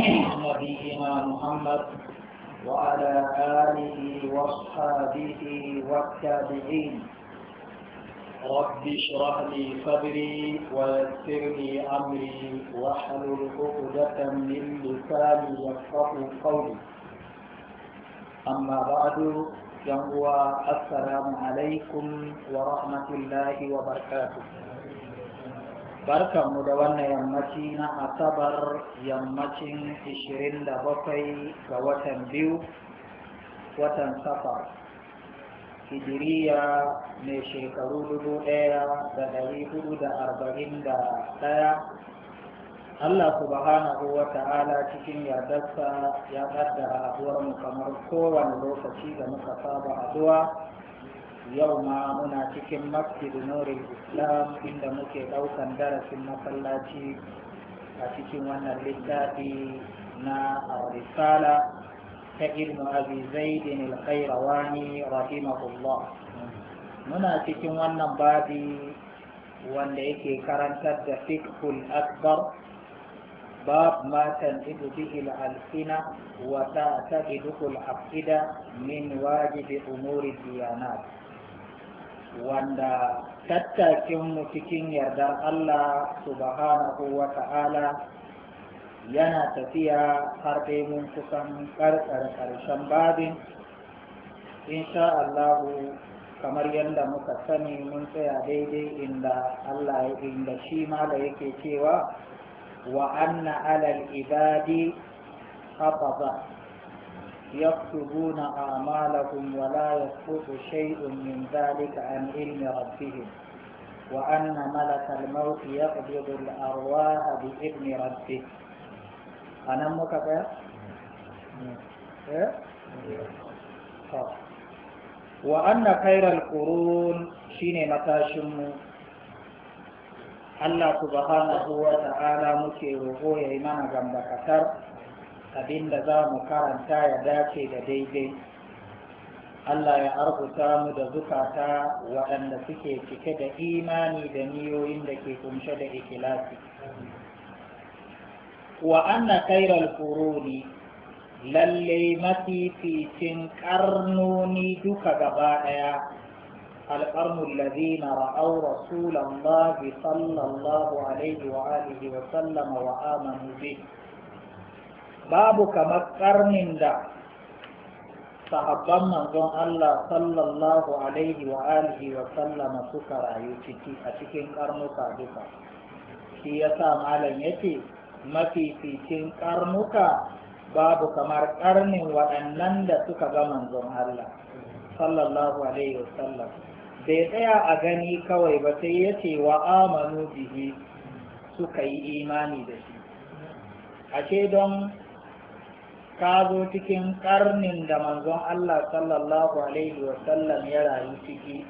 نبينا محمد وعلى آله وصحبه والتابعين رب اشرح لي صدري ويسر لي أمري واحلل عقدة من لساني يفقه قولي أما بعد جمعوا السلام عليكم ورحمة الله وبركاته mu da wannan yammaci na asabar yammacin Bakwai ga watan biyu watan safar hijiriya mai shekaru da da da 1441 Allah subhanahu wa ta'ala cikin yardarsa ya kaddara haduwar mu kamar kowane lokaci da muka saba haduwa yau ma muna cikin masjid nurul islam inda muke ɗaukan darasin masallaci a cikin wannan littafi na risala ta ibnu abi zaidin al-khairawani rahimahullah muna cikin wannan babi wanda yake karantar da fiqhul akbar باب ما تنتج به الألسنة وتعتقده العقيدة من واجب أمور الديانات wanda tattakinmu cikin yardar Allah subhanahu wa ta'ala yana tafiya har dai mun kusan karkar karshen babin insha Allahu kamar yadda muka sani mun tsaya daidai inda Allah inda shi da yake cewa wa anna alal ibadi hafaza يكتبون أعمالهم ولا يسقط شيء من ذلك عن علم ربهم وأن ملك الموت يقبض الأرواح بإذن ربه أنا مكفى إيه؟ وأن خير القرون شين متاشم الله سبحانه وتعالى مكي وهو يمنع جنب كثر abinda za mu karanta ya dace da daidai Allah ya arzuta mu da zukata waɗanda suke cike da imani da niyoyin da ke kunshe da ikilasi wa anna khairal quruni lalle mafificin karnoni duka gaba ɗaya القرن الذين رأوا رسول الله صلى الله عليه وآله وسلم وآمنوا به babu kamar karnin da sahabban manzon Allah sallallahu alaihi wa alihi wa sallama suka rayu ciki a cikin karnuka duka shi ya sa malam mafi cikin karnuka babu kamar karnin waɗannan da suka ga manzon Allah sallallahu alaihi wa sallam bai tsaya a gani kawai ba sai ya ce wa amanu bihi suka yi imani da shi ashe don ka zo cikin karnin da manzon Allah sallallahu alaihi wasallam ya rayu ciki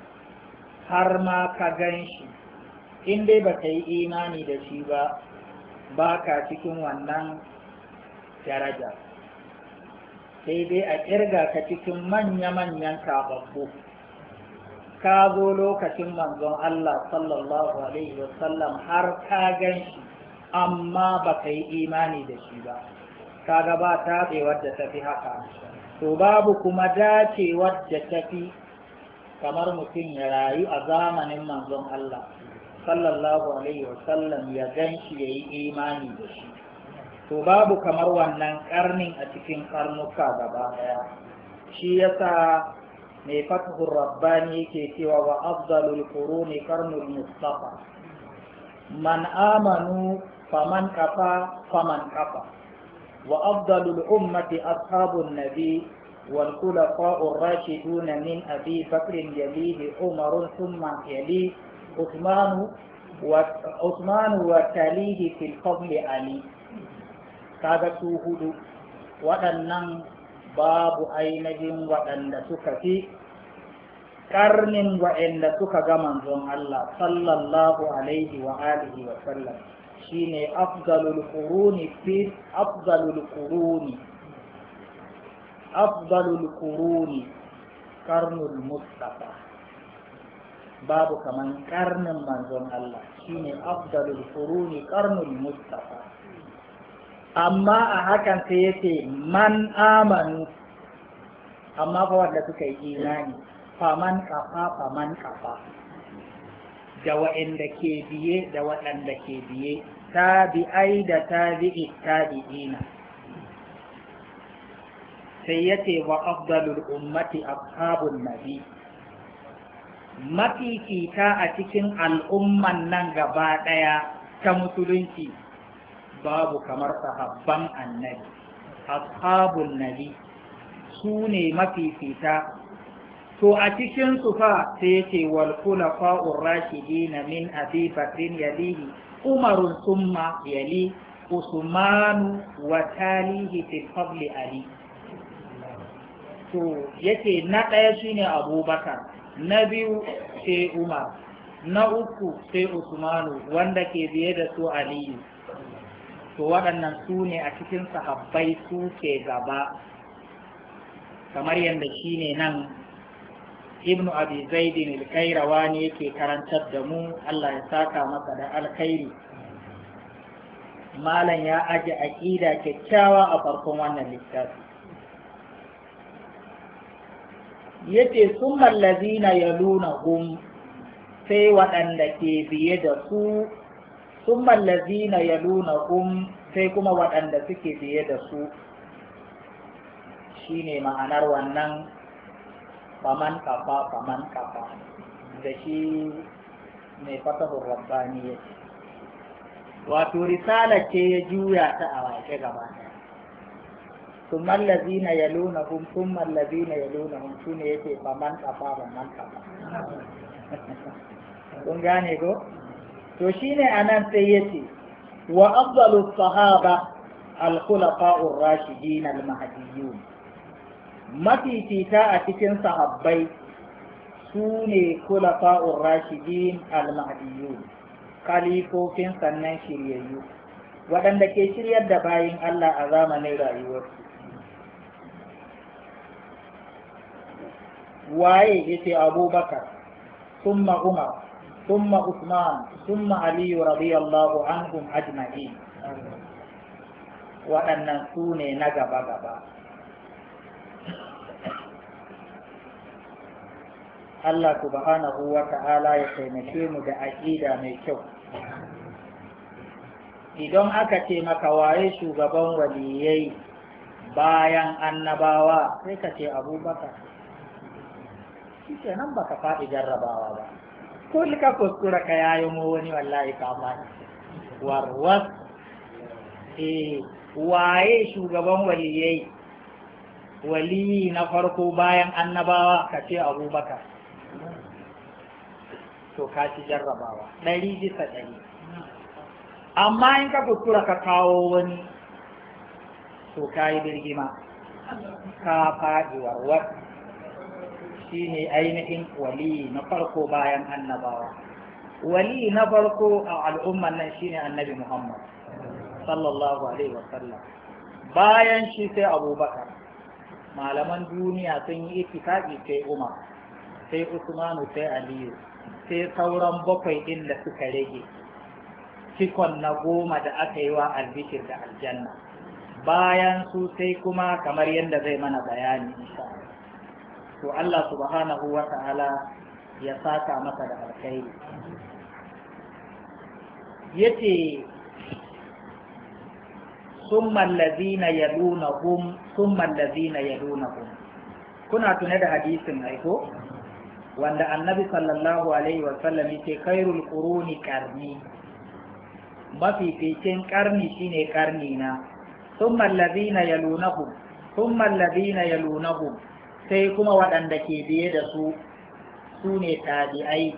har ma ka gan shi in dai ba ka yi imani da shi ba ba ka cikin wannan daraja sai dai a ƙirga ka cikin manya-manyan kafafu ka zo lokacin manzon Allah sallallahu alaihi wasallam har ka gan shi amma ba ka yi imani da shi ba kaga ba taɓewar da fi haka to babu kuma dacewar da fi kamar mutum ya rayu a zamanin manzon Allah sallallahu alaihi wasallam ya gan shi ya yi imani da shi to babu kamar wannan karnin a cikin karnuka gaba daya shi yasa mai fatihun rabbani yake cewa wa afdalul quruni qarnul mustafa man amanu faman kafa faman kafa وأفضل الأمة أصحاب النبي والخلفاء الراشدون من أبي بكر يليه عمر ثم يليه عثمان عثمان وتليه في الفضل علي kaga su hudu waɗannan babu ainihin waɗanda suka fi ƙarnin waɗanda suka ga manzon Allah sallallahu alaihi wa shine afdalul quruni fi afdalul quruni afdalul quruni karnul mustafa babu kaman karnin manzon Allah shine afdalul quruni karnul mustafa amma a hakan sai yace man amanu amma fa wanda suka yi imani man kafa man kafa da waɗanda ke biye da waɗanda ke biye tabi'ai da tabi'i tabi'ina sai ya ce wa afdalul ummati ashabun nabi Mafifita a cikin al'umman nan gaba ɗaya ta musulunci babu kamar sahabban annabi ashabun nabi su ne mafifita to a cikin su fa sai yace wal khulafa'ur rashidina min abi bakrin yalihi umar summa yali usmanu wa talihi fi fadli ali to yake na ɗaya shine abubakar na biyu sai umar na uku sai usmanu wanda ke biye da su aliyu to waɗannan su ne a cikin sahabbai su ke gaba kamar yadda shine nan ibn abi zaidin al-kairawa ne yake karantar da mu Allah ya saka masa da alkhairi malam ya aje aƙida kyakkyawa a farkon wannan littafi yace summa allazina yalunahum sai waɗanda ke biye da su summa allazina yalunahum sai kuma waɗanda suke biye da su shine ma'anar wannan faman kafa faman kafa da shi mai fatahun rabbani ya ce wato risala ce ya juya ta a wace gaba ثم الذين يلونهم ثم الذين يلونهم shine yake faman kafa faman kafa kun gane ko to shine nan sai yace wa afdalu sahaba al-khulafa'ur rashidin al-mahdiyyun mafifita a cikin sahabbai su ne kulafa'ur rashidin al mahdiyu kalifofin sannan shiryayyu waɗanda ke shiryar da bayan Allah a zamanin rayuwarsu waye yace abubakar summa umar summa usman summa aliyu radiyallahu anhum ajma'in waɗannan su ne na gaba-gaba Allah subhanahu wa ta'ala ya taimake mu da aƙida mai kyau idan aka ce maka waye shugaban waliyai bayan annabawa sai ka ce abubakar shi ke nan baka faɗi jarrabawa ba ko ka kuskura ka yi mu wani wallahi ka faɗi warwas eh waye shugaban waliyai waliyi na farko bayan annabawa ka ce abubakar to ka ci jarrabawa ɗari bisa ɗari amma in ka kuskura ka kawo wani to ka yi birgima ka faɗi warwar shi ne ainihin wali na farko bayan annabawa wali na farko a al'umman nan shine annabi muhammad sallallahu alaihi wasallam bayan shi sai abubakar malaman duniya sun yi ittifaqi sai umar sai usmanu sai aliyu sai sauran bakwai ɗin da suka rage cikon na goma da aka yi wa albishir da aljanna bayan su sai kuma kamar yadda zai mana bayani insha to Allah subhanahu wa ta'ala ya saka masa da alkhairi yace summa allazina yalunahum summa allazina yalunahum kuna tune da hadisin aiko wanda annabi sallallahu alaihi wasallam yake kairul quruni karni mafificin karni shine karni na thumma alladhina yalunahum thumma alladhina yalunahum sai kuma waɗanda ke biye da su su ne tabi'ai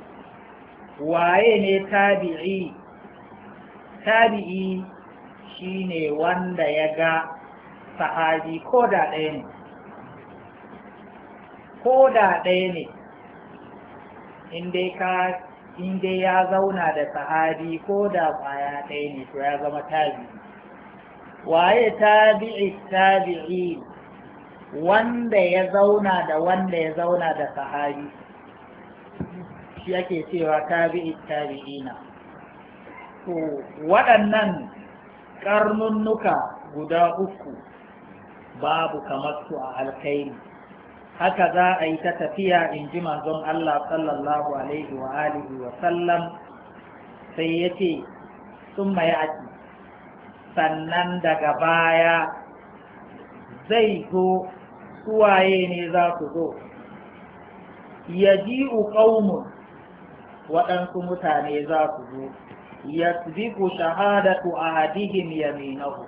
waye ne tabi'i tabi'i shine wanda ya ga sahabi ko da ɗaya ne ko da ɗaya ne in dai ya zauna da sahabi ko da kwaya ɗaya ne to ya zama tabi waye tabi'i tabi'i wanda ya zauna da wanda ya zauna da sahabi shi ake cewa tabi'i tabi'ina to waɗannan karnunnuka guda uku babu kamar su a alkhairi haka za a yi ta tafiya in ji manzon Allah sallallahu alaihi wa alihi wa sallam sai ya ce sun mayaki sannan daga baya zai zo suwaye ne za su zo ya ji uƙaumun waɗansu mutane za su zo ya shahada shahadatu a hadihim yaminahu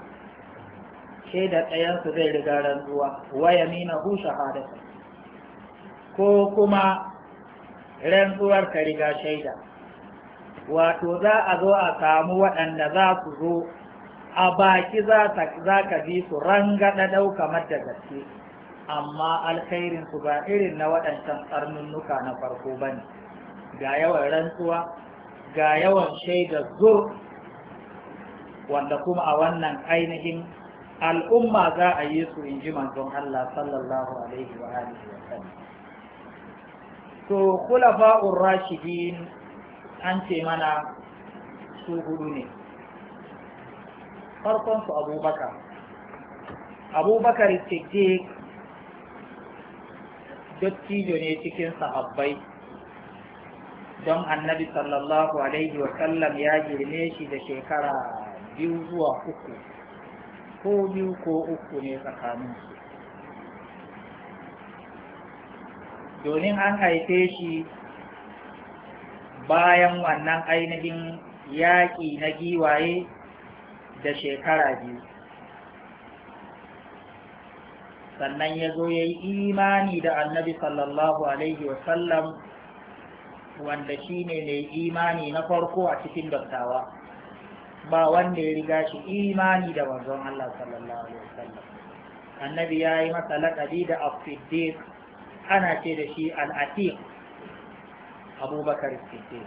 shaida ɗayansu zai riga rantsuwa wa yaminahu shahadatu ko kuma rantsuwar ka riga shaida wato za a zo a samu waɗanda za su zo a baki za ka bi su rangada ɗauka da gaske amma alkhairin su ba irin na waɗancan tsarnunnuka na farko ba ne ga yawan rantsuwa ga yawan shaida zo, wanda kuma a wannan ainihin al'umma za a yi su in ji manzon Allah sallallahu alaihi wa alihi wa sallam to khulafa'ur rashidin an ce mana su hudu ne farkon su abubakar abubakar siddiq dattijo ne cikin sahabbai don annabi sallallahu alaihi wasallam ya girme shi da shekara biyu zuwa uku ko biyu ko uku ne tsakaninsu domin an haife shi bayan wannan ainihin yaƙi na giwaye da shekara biyu sannan ya zo ya yi imani da annabi sallallahu alaihi wasallam wanda shi ne mai imani na farko a cikin dattawa ba wanda ya riga shi imani da wanzan Allah sallallahu alaihi wasallam annabi ya yi masa laƙabi da afidik ana ce da shi al'atiq abubakar siddiq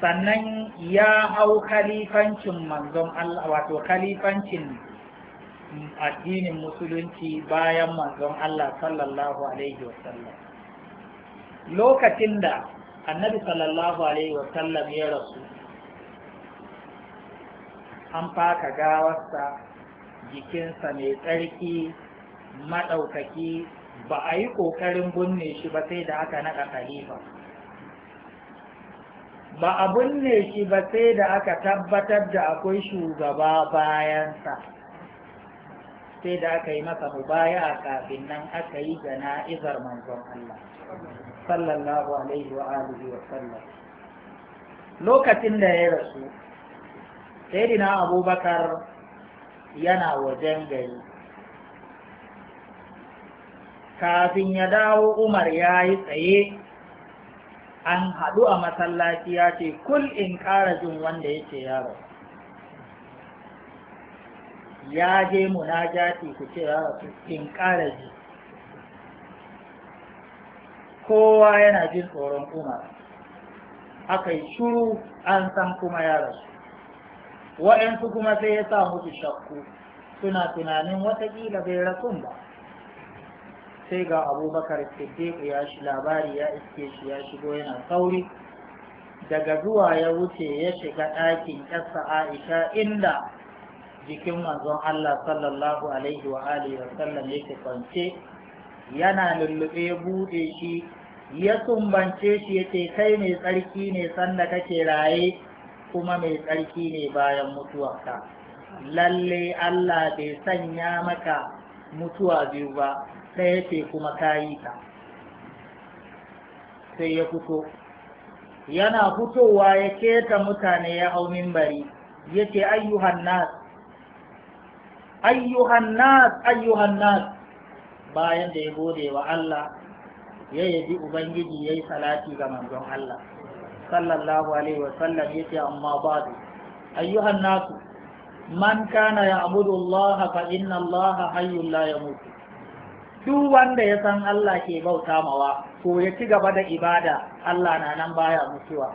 sannan ya hau khalifancin manzon Allah wato khalifancin addinin musulunci bayan manzon Allah sallallahu alaihi wasallam lokacin da annabi sallallahu alaihi wasallam ya rasu an faka gawarsa jikinsa mai tsarki maɗaukaki ba a yi ƙoƙarin binne shi ba sai da aka naɗa khalifa ba a binne shi ba sai da aka tabbatar da akwai shugaba bayansa sai da aka yi masa mubaya kafin nan aka yi jana'izar manzon Allah sallallahu alaihi wa alihi wa sallam lokacin da ya rasu sayyidina abubakar yana wajen gari kafin ya dawo umar ya yi tsaye an haɗu a masallaci ya ce kul in ƙara jin wanda ya ce yaro ya je munajati ku ce yaro in ƙara ji kowa yana jin tsoron umar aka yi shuru an san kuma yaro wa'yansu kuma sai ya sa musu shakku suna tunanin watakila bai rasun ba sai ga abubakar siddiq ya shi labari ya iske shi ya shigo yana sauri daga zuwa ya wuce ya shiga ɗakin ƙasa aisha inda jikin manzon allah sallallahu alaihi wa alihi wasallam yake kwance yana lullube buɗe shi ya tumbance shi yace kai mai tsarki ne sanda kake raye kuma mai tsarki ne bayan mutuwarka lalle allah bai sanya maka mutuwa biyu ba Sai ya ce kuma ta yi ta sai ya fito yana fitowa ya keta mutane ya hau mimbari ya ce ayyuhan nas ayyuhan nas ayyuhan nas bayan da ya gode wa Allah ya yabi ubangiji ya yi salati ga manzon Allah sallallahu alaihi wa sallam ya ce amma ba ba'du ayyuhan nasu man kana ya ya'budu Allah fa inna Allah hayyun la yamutu duk wanda ya san Allah ke bauta mawa ko ya ci gaba da ibada Allah na nan baya mutuwa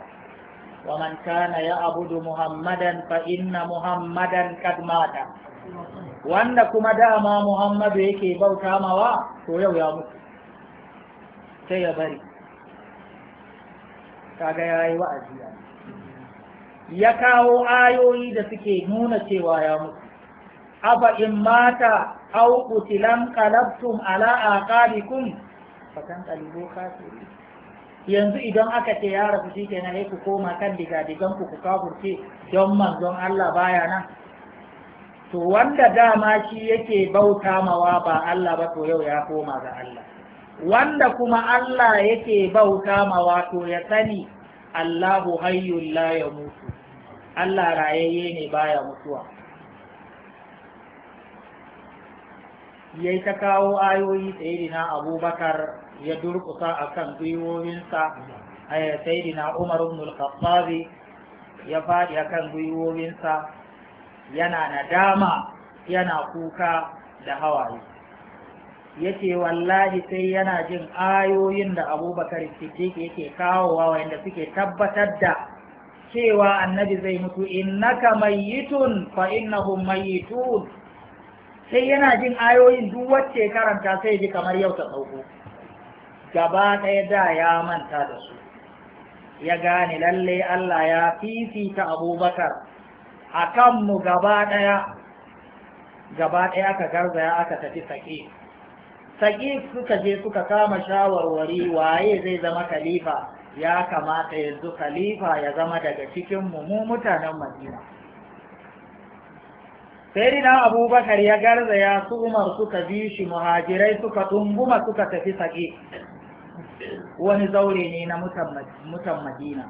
wa man kana ya abudu muhammadan fa inna muhammadan kad mata wanda kuma dama muhammadu yake bauta mawa to yau ya mutu sai ya bari kaga yayi wa'azi ya kawo ayoyi da suke nuna cewa ya mutu afa in mata aw qutilan qalabtum ala aqabikum fakan qalibu yanzu idan aka ce ya rabu shi kenan ku koma kan digadigan ku ku kafurce don manzon Allah baya nan to wanda dama shi yake bauta mawa ba Allah ba to yau ya koma ga Allah wanda kuma Allah yake bauta mawa to ya sani Allahu hayyul la yamutu Allah rayayye ne baya mutuwa ya yi ta kawo ayoyi na abubakar ya durkusa a kan gwiwowinsa eh, sayidina na umaru al ya faɗi a kan gwiwowinsa yana nadama yana kuka da hawaye yace wallahi sai yana jin ayoyin da abubakar siddiq yake kawowa wanda suke tabbatar da cewa annabi zai mutu innaka mayyitun fa innahum tun? sai yana jin ayoyin duk wacce ya karanta sai ji kamar yau ta sauko gaba ɗaya da ya manta da su ya gane lalle Allah ya fifita abubakar a kanmu gaba ɗaya gaba ɗaya aka garzaya aka tafi saƙi saƙi suka je suka kama shawarwari waye zai zama khalifa ya kamata yanzu khalifa ya zama daga cikin mu mutanen madina na abubakar ya garzaya su umar suka bi shi muhajirai suka tunguma suka tafi sake wani zaure ne na mutan madina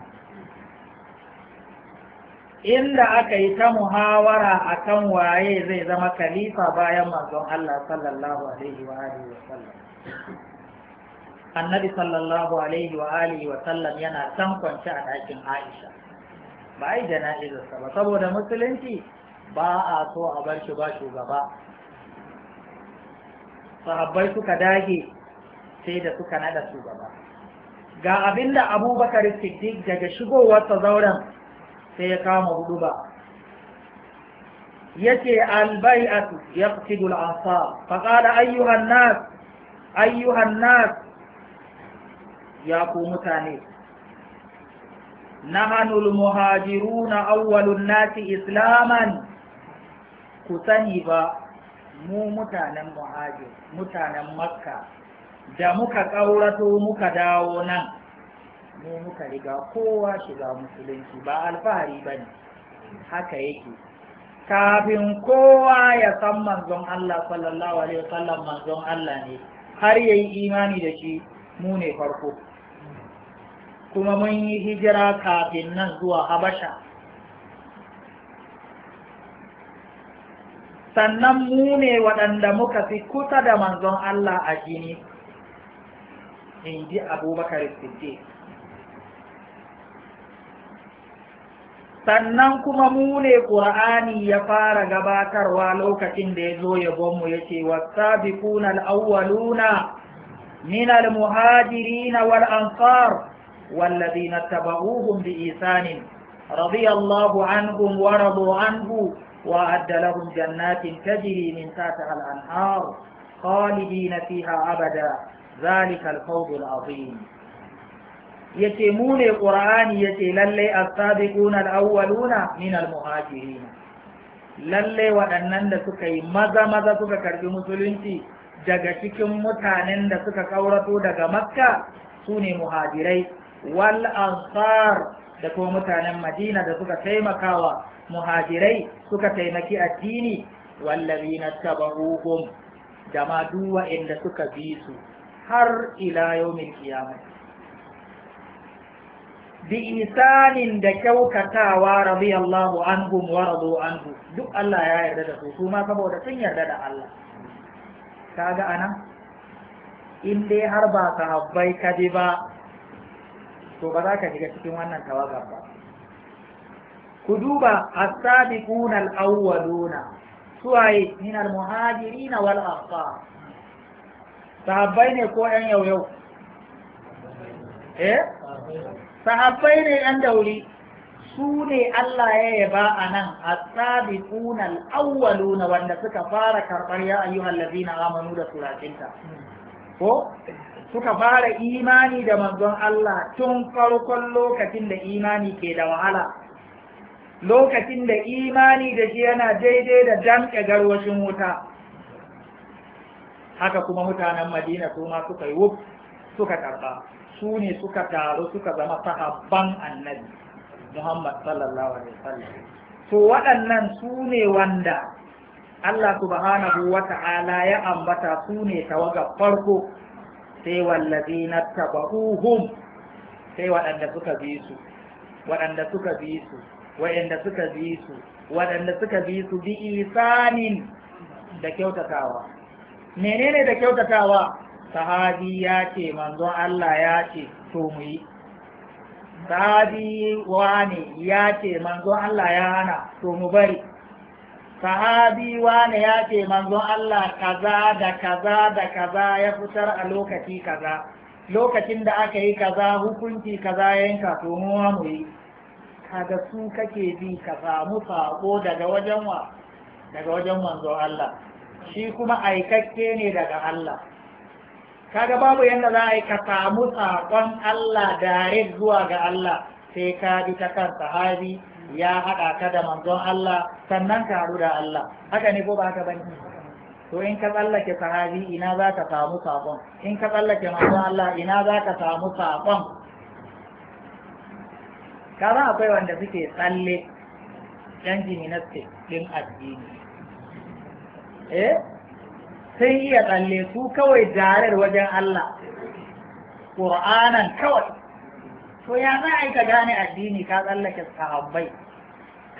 inda aka yi ta muhawara a kan waye zai zama khalifa bayan manzon Allah sallallahu alaihi wa alihi wa sallam annabi sallallahu alaihi wa alihi wa sallam yana san kwance a ɗakin Aisha ba ai jana'izarsa ba saboda musulunci ba a so a bar shi ba shugaba sahabbai suka dage sai da suka nada shugaba ga abinda abubakar siddiq daga shigowarsa zauren sai ya kama hudu ba Yake albai'atu yaqtidu al-ansar fa qala ayyuha an-nas ayyuha an-nas ya ku mutane nahanu al-muhajiruna awwalun nasi islaman ku sani ba mu mutanen muhajir mutanen makka da muka ƙaurato muka dawo nan mu muka riga kowa shiga musulunci ba alfahari ba ne haka yake kafin kowa ya san manzon Allah sallallahu alaihi wasallam manzon Allah ne har yayi imani da shi mu ne farko kuma mun yi hijira kafin nan zuwa habasha sannan mu ne waɗanda muka fi kusa da manzon Allah a jini in ji abubakar sannan kuma mu ne ƙur'ani ya fara gabatarwa lokacin da ya zo yabonmu ya ce wasabiquna al Auwaluna? min al-muhajirin wal ansar والذين اتبعوهم بإيثان رضي الله عنهم ورضوا عنه wa addalahum jannatin tajri min tahtiha al-anhar khalidin fiha abada zalika al-qawl al-azim yace mune qur'ani yace lallai as-sabiquna al-awwaluna min al-muhajirin da suka yi maza maza suka karbi musulunci daga cikin mutanen da suka kaurato daga makka sune muhajirai wal ansar da ko mutanen madina da suka taimakawa. muhajirai suka taimaki addini wallazina tabahuhum da ma duk wa'anda suka bi su har ila yawmin qiyamah bi isanin da kyautatawa radiyallahu anhum wa radu anhu duk Allah ya yarda da su su saboda sun yarda da Allah kaga anan in dai har ba ka habbai ka ba to ba za ka shiga cikin wannan tawagar ba ku duba as-sabiquna al-awwaluna suwaye min al-muhajirin wal ansar sahabbai ne ko yan yau yau eh sahabbai ne yan dauri su ne Allah ya yaba a nan as-sabiquna al wanda suka fara karɓar ya ayyuhal ladina amanu da suratinta ko suka fara imani da manzon Allah tun farkon lokacin da imani ke da wahala lokacin da imani da shi yana daidai da damƙe garwashin wuta haka kuma mutanen madina su ma suka yi wuf suka karɓa su ne suka taru suka zama sahabban annabi muhammad sallallahu alaihi wasallam to waɗannan su ne wanda Allah subhanahu wa ta'ala ya ambata su ne tawaga farko sai wallazi na taba'uhum sai waɗanda suka bi su waɗanda suka bi su wa'anda suka bi su waɗanda suka bi su bi isanin da kyautatawa menene da kyautatawa sahabi ya ce manzon Allah ya ce to mu yi sahabi wane ya ce manzon Allah ya hana to mu bari sahabi wane ya ce manzon Allah kaza da kaza da kaza ya fitar a lokaci kaza lokacin da aka yi kaza hukunci kaza yanka to mu yi kaga su kake bi ka samu sako daga wajen wa daga wajen manzo Allah shi kuma aikakke ne daga Allah kaga babu yadda za a yi ka samu sakon Allah direct zuwa ga Allah sai ka bi ta kan sahabi ya haɗa ka da manzon Allah sannan ka haɗu da Allah haka ne ko ba haka bane to in ka tsallake sahabi ina za ka samu sakon in ka tsallake manzon Allah ina za ka samu sakon ka akwai wanda suke tsalle yan jiminastik ɗin addini eh sai iya tsalle su kawai jarir wajen Allah ƙur'anan kawai to ya za a yi ka gane addini ka tsallake sahabbai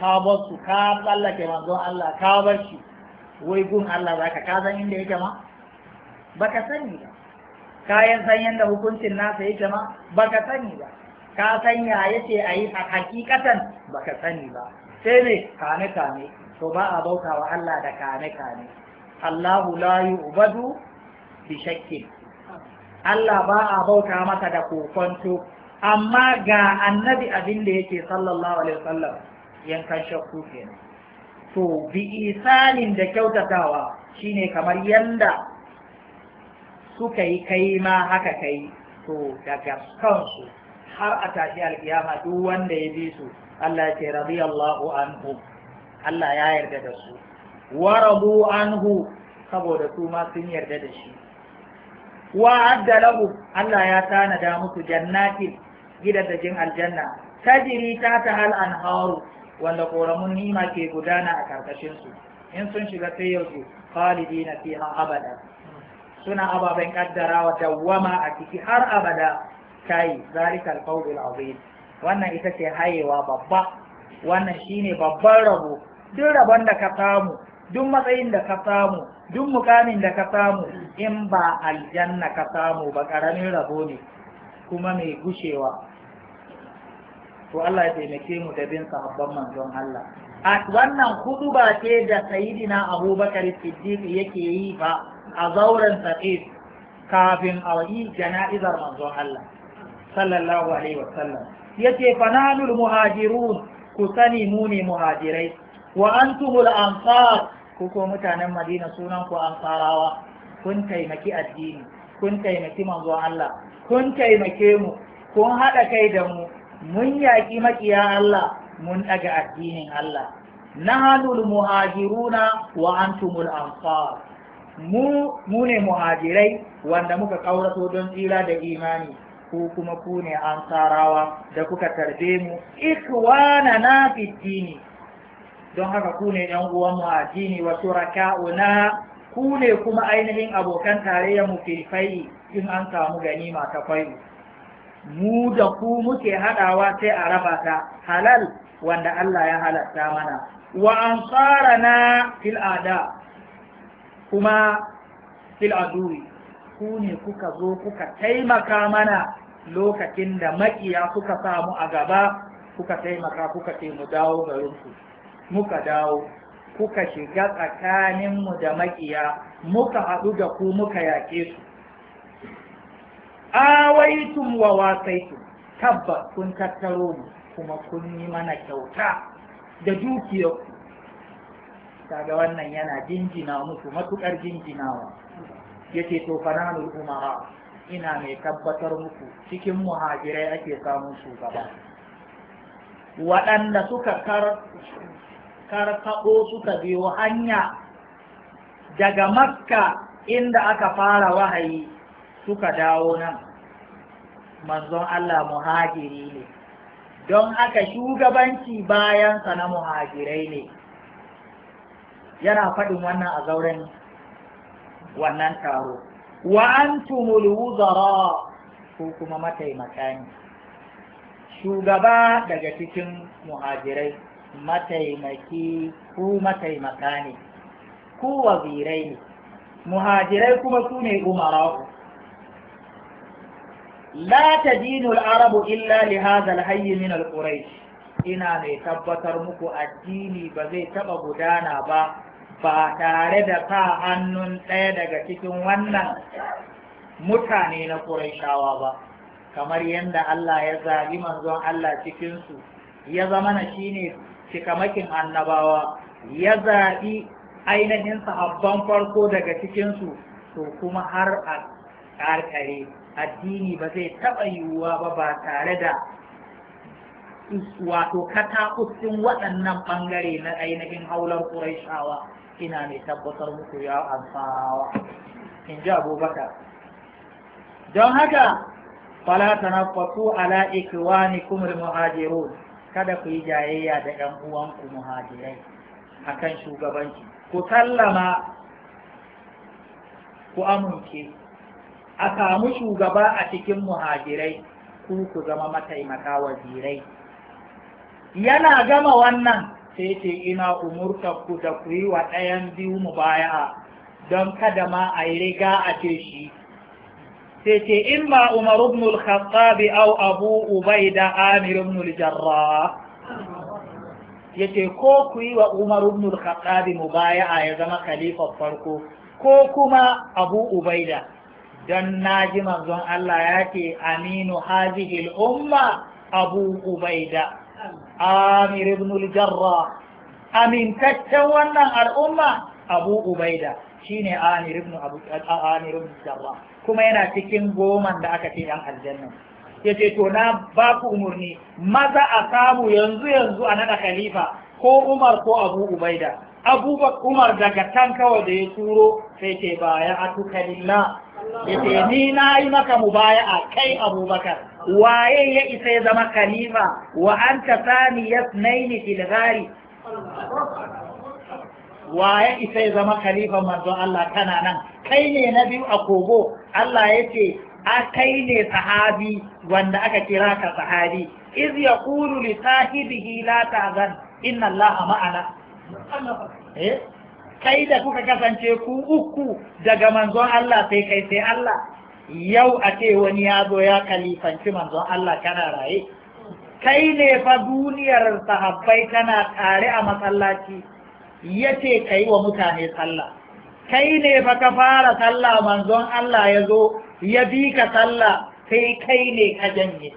ka bar su ka tsallake manzon Allah ka bar shi wai gun Allah zaka ka san inda yake ma baka sani ba kayan san yanda hukuncin nasa yake ma baka sani ba ka san ya yace a yi hakikatan ba ka sani ba sai ne kane kane to ba a bauta wa Allah da kane kane Allahu la yu'badu bi shakkin Allah ba a bauta masa da kokonto amma ga annabi abin da yake sallallahu alaihi wasallam yankan shakku kenan to bi isanin da kyautatawa shine kamar yanda suka yi kai ma haka kai to daga kansu har a tashi alƙiyama duk wanda ya bi su Allah ya ce radiyallahu anhu Allah ya yarda da su wa radu anhu saboda su ma sun yarda da shi wa adda lahu Allah ya tanada musu jannati jannatin jin aljanna tajri ta ta hal anharu wanda koramun nima ke gudana a karkashin su in sun shiga sai yanzu khalidina fiha abada suna ababen kaddarawa dawwama a ciki har abada kai zalikal qawlul azim wannan ita ce hayewa babba wannan shine babban rabo duk rabon da ka samu duk matsayin da ka samu duk mukamin da ka samu in ba aljanna ka samu ba karamin rabo ne kuma mai gushewa to Allah ya taimake mu da bin sahabban manzon Allah a wannan hudu ba ce da sayidina abubakar siddiq yake yi ba, a zauren saqif kafin a yi jana'izar manzon Allah sallallahu alaihi wasallam yace fanalul muhajirun ku sani mu ne muhajirai wa antumul ansar ku ko mutanen madina sunan ku ansarawa kun taimaki addini kun taimaki manzon Allah kun taimake mu kun haɗa kai da mu mun yaƙi maƙiya Allah mun ɗaga addinin Allah nahanul muhajiruna wa antumul ansar mu mu ne muhajirai wanda muka kaurato don tsira da imani ku kuma ku ne an tsarawa da kuka tarbe mu ikwana na fitini don haka ku ne ɗan uwan a addini wa shuraka'una ku ne kuma ainihin abokan tarayyar mu filfai in an samu ganima ta fayu mu da ku muke haɗawa sai a raba ta halal wanda Allah ya halatta mana wa an na fil ada kuma fil adui ku ne kuka zo kuka taimaka mana lokacin da maƙiya suka samu a gaba kuka taimaka kuka ce mu dawo garinku muka dawo kuka shiga tsakaninmu da maƙiya muka haɗu da ku muka yaƙe su awaitum wa wasaitum tabbas kun tattaro mu kuma kun yi mana kyauta da ku kaga wannan yana jinjina musu matuƙar jinjinawa yake to fananul umara ina mai tabbatar muku cikin muhajirai ake samun shugaba waɗanda suka karkaɓo suka biyo hanya daga makka inda aka fara wahayi suka dawo nan manzon Allah muhajiri ne don haka shugabanci bayansa na muhajirai ne yana faɗin wannan a zauren wannan taro wa antumul wuzara ko kuma mataimaka ne shugaba daga cikin muhajirai mataimaki ku mataimaka ne ku wazirai ne muhajirai kuma su ne umara'u la tadinu al-arabu illa li hadha al-hayy min al-quraish ina mai tabbatar muku addini ba zai taba gudana ba ba tare da sa hannun ɗaya daga cikin wannan mutane na Qurayshawa ba kamar yadda Allah ya zabi manzon Allah cikinsu ya zama na shine cikamakin annabawa ya zabi ainihin sahabban farko daga cikinsu to kuma har a ƙarƙare addini ba zai taɓa yiwuwa ba ba tare da wato katakustin waɗannan ɓangare na ainihin haular Qurayshawa. ina mai tabbatar muku ya amfawa in ji abubakar don haka fala tanaffasu ala kumur muhajiru, kada ku yi jayayya da yan uwanku muhajirai akan shugabanci ku sallama ku amince a samu shugaba a cikin muhajirai ku ku zama mataimaka wazirai yana gama wannan sai ce ina umurta da ku yi wa ɗayan biyu mu baya don kada ma a yi riga a ce shi sai ce in ma umar ibn al aw abu da amir ibn jarra yace ko ku yi wa umar ibn mu khattab mubaya'a ya zama khalifar farko ko kuma abu da don na ji manzon Allah ya ce aminu hazihi umma abu da amir ibn al-jarra amintaccen wannan al'umma abu ubaida shine amir ibn abu amir ibn jarra kuma yana cikin goman da aka ce dan aljanna yace to na ba ku umurni maza a samu yanzu yanzu a nada khalifa ko umar ko abu ubaida abubakar umar daga can kawai da ya turo sai ce baya a tukalilla yace ni na yi maka mubaya'a kai abubakar waye ya isa ya zama khalifa wa anta saniyat naini fil ghari waye isa ya zama kalifa manzo Allah kana nan kai ne na biyu a kogo Allah yace a kai ne sahabi wanda aka kira ka sahabi iz yaqulu li sahibihi la ta'zan inna Allah ma'ana eh? kai da kuka kasance ku uku daga manzon Allah sai kai sai Allah yau a ce wani ya zo ya kalifanci manzon Allah kana raye kai ne fa duniyar sahabbai kana tare a masallaci ya ce ka yi wa mutane sallah kai ne fa ka fara sallah manzon Allah ya zo ya bi ka sallah sai kai ne ka janye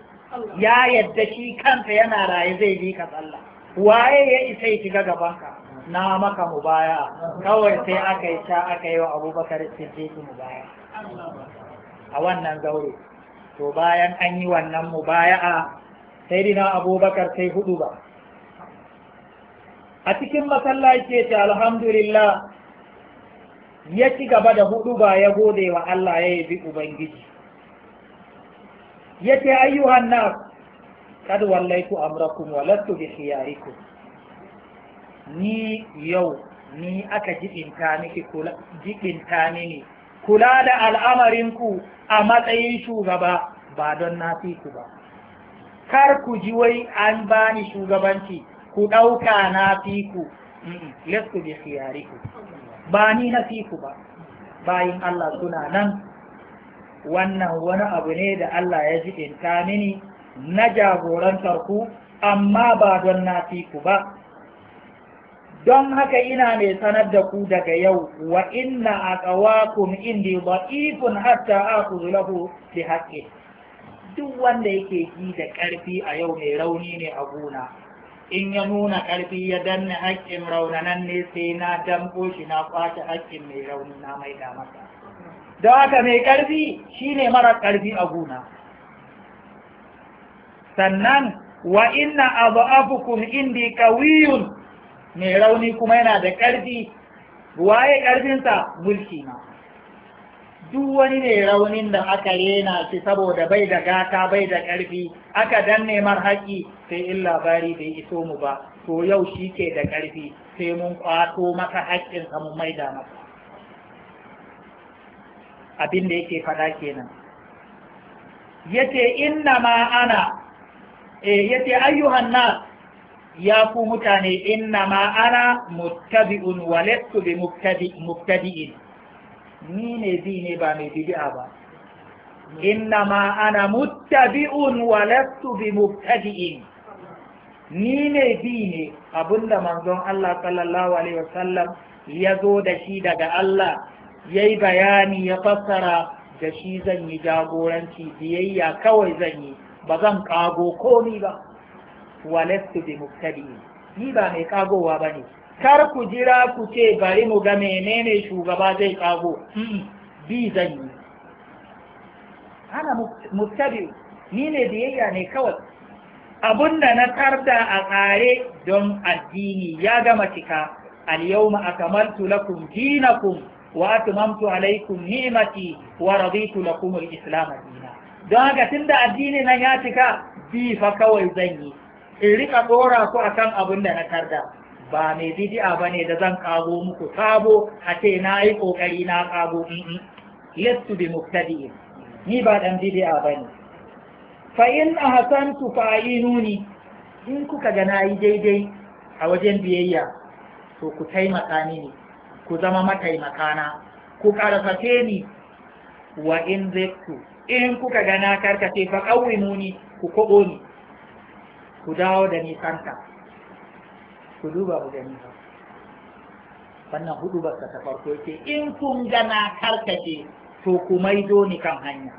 ya yadda shi kanta yana raye zai bi ka sallah waye ya isa ya shiga gabanka na maka mubaya kawai sai aka yi sha aka yi wa abubakar siddiqi mubaya a wannan zaure to bayan an yi wannan mu mubaya'a sai dina abubakar sai hudu ba a cikin masallaci ce alhamdulillah ya ci gaba da hudu ba ya gode wa Allah ya bi ubangiji ce ayyuhan na kad wallaitu amrakum wa lastu bi khiyarikum ni yau ni aka jibinta miki kula jibinta mini kula da al'amarinku a matsayin shugaba ba don na fi ku ba kar ku ji wai an bani shugabanci ku ɗauka na fi ku lasu bi ku, ba ni na fi ku ba bayin Allah suna nan wannan wani abu ne da Allah ya ji mini na jagorantar ku amma ba don na fi ku ba don haka ina mai sanar da ku daga yau wa inna aqawakum indi dha'ifun hatta aqulu lahu da haqqi duk wanda yake ji da ƙarfi a yau mai rauni ne a gona in ya nuna ƙarfi ya danna haƙƙin raunanan ne sai na dambo shi na kwace haƙƙin mai rauni na mai da masa don haka mai karfi shine mara ƙarfi a gona sannan wa inna abu'afukum indi kawiyun mai rauni kuma yana da ƙarfi waye ƙarfinsa mulki ma duk wani mai raunin da aka rena shi saboda bai da gata bai da ƙarfi aka danne mar haƙi sai in labari bai iso mu ba to yau shi ke da ƙarfi sai mun ƙwato maka haƙƙinsa mun maida maka abin da yake faɗa kenan yace inna ma ana eh yace ayyuhan na? ya ku mutane inna ma ana muttabi'un wa lastu bi mubtadi'in ni ne bi ne ba mai bid'a ba inna ma ana muttabi'un wa lastu bi mubtadi'in ni ne bi ne abinda manzon Allah sallallahu alaihi wasallam ya zo da shi daga Allah yayi bayani ya fassara da shi zan yi jagoranci biyayya kawai zan yi ba zan kago komi ba walastu bi mubtadi ni ba mai kagowa bane kar ku jira ku ce bari mu ga menene shugaba zai kago bi zan yi ana mubtadi ni ne biyayya ne kawai abunda na tarda a tsare don addini ya gama cika اليوم أكملت لكم دينكم وأتممت عليكم نعمتي ورضيت لكم الإسلام دينا don haka tun da addini nan ya cika bi fa kawai zan yi in rika dora ku kan abin da na karda ba mai bidi'a ba ne da zan kago muku sabo a ce na yi kokari na kago in bi muktadi'in ni ba dan bidi'a ba ne fa in ahsantu fa nuni in kuka ga na yi daidai a wajen biyayya to ku taimaka mini ku zama na ku karfafe ni wa in ku in kuka ga na karkace fa nuni ku kobo ni ku dawo da nisanta ku duba ku gani wannan hudu ba ta farko ce in kun gana karkace to ku maido ni kan hanya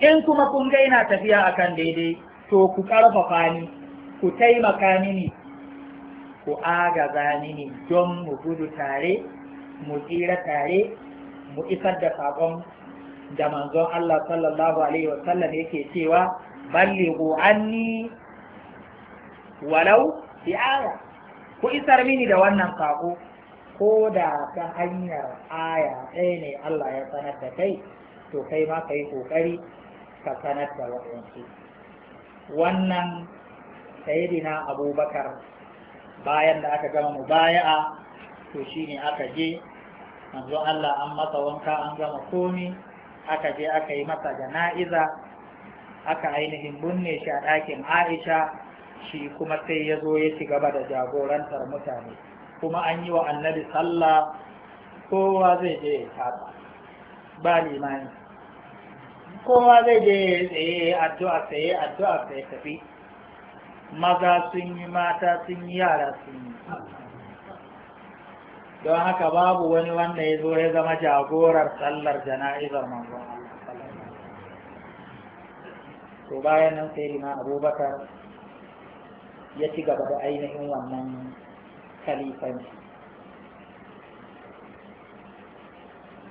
in kuma kun ga ina tafiya akan daidai to ku karfafa ni ku taimaka mini ku agaza ne don mu gudu tare mu tsira tare mu isar da saƙon da manzon Allah sallallahu alaihi wasallam yake cewa ballighu anni walau bi aya ku isar mini da wannan sako ko da ta hanyar aya ɗaya ne Allah ya sanar da kai to kai ma kai kokari ka sanar da waɗansu wannan sayidina abubakar bayan da aka gama mubaya'a to shine aka je manzo Allah an masa wanka an gama komi aka je aka yi masa jana'iza aka ainihin binne shi a ɗakin Aisha shi kuma sai ya zo ya ci gaba da jagorantar mutane kuma an yi wa annabi sallah kowa zai je ya saba ba limani kowa zai je ya tsaye addu'a tsaye addu'a tsaye tafi maza sun yi mata sun yi yara sun yi don haka babu wani wanda ya zo ya zama jagorar sallar jana'izar manzon to bayan nan sai lima abubakar ya ci gaba da ainihin wannan kalifanci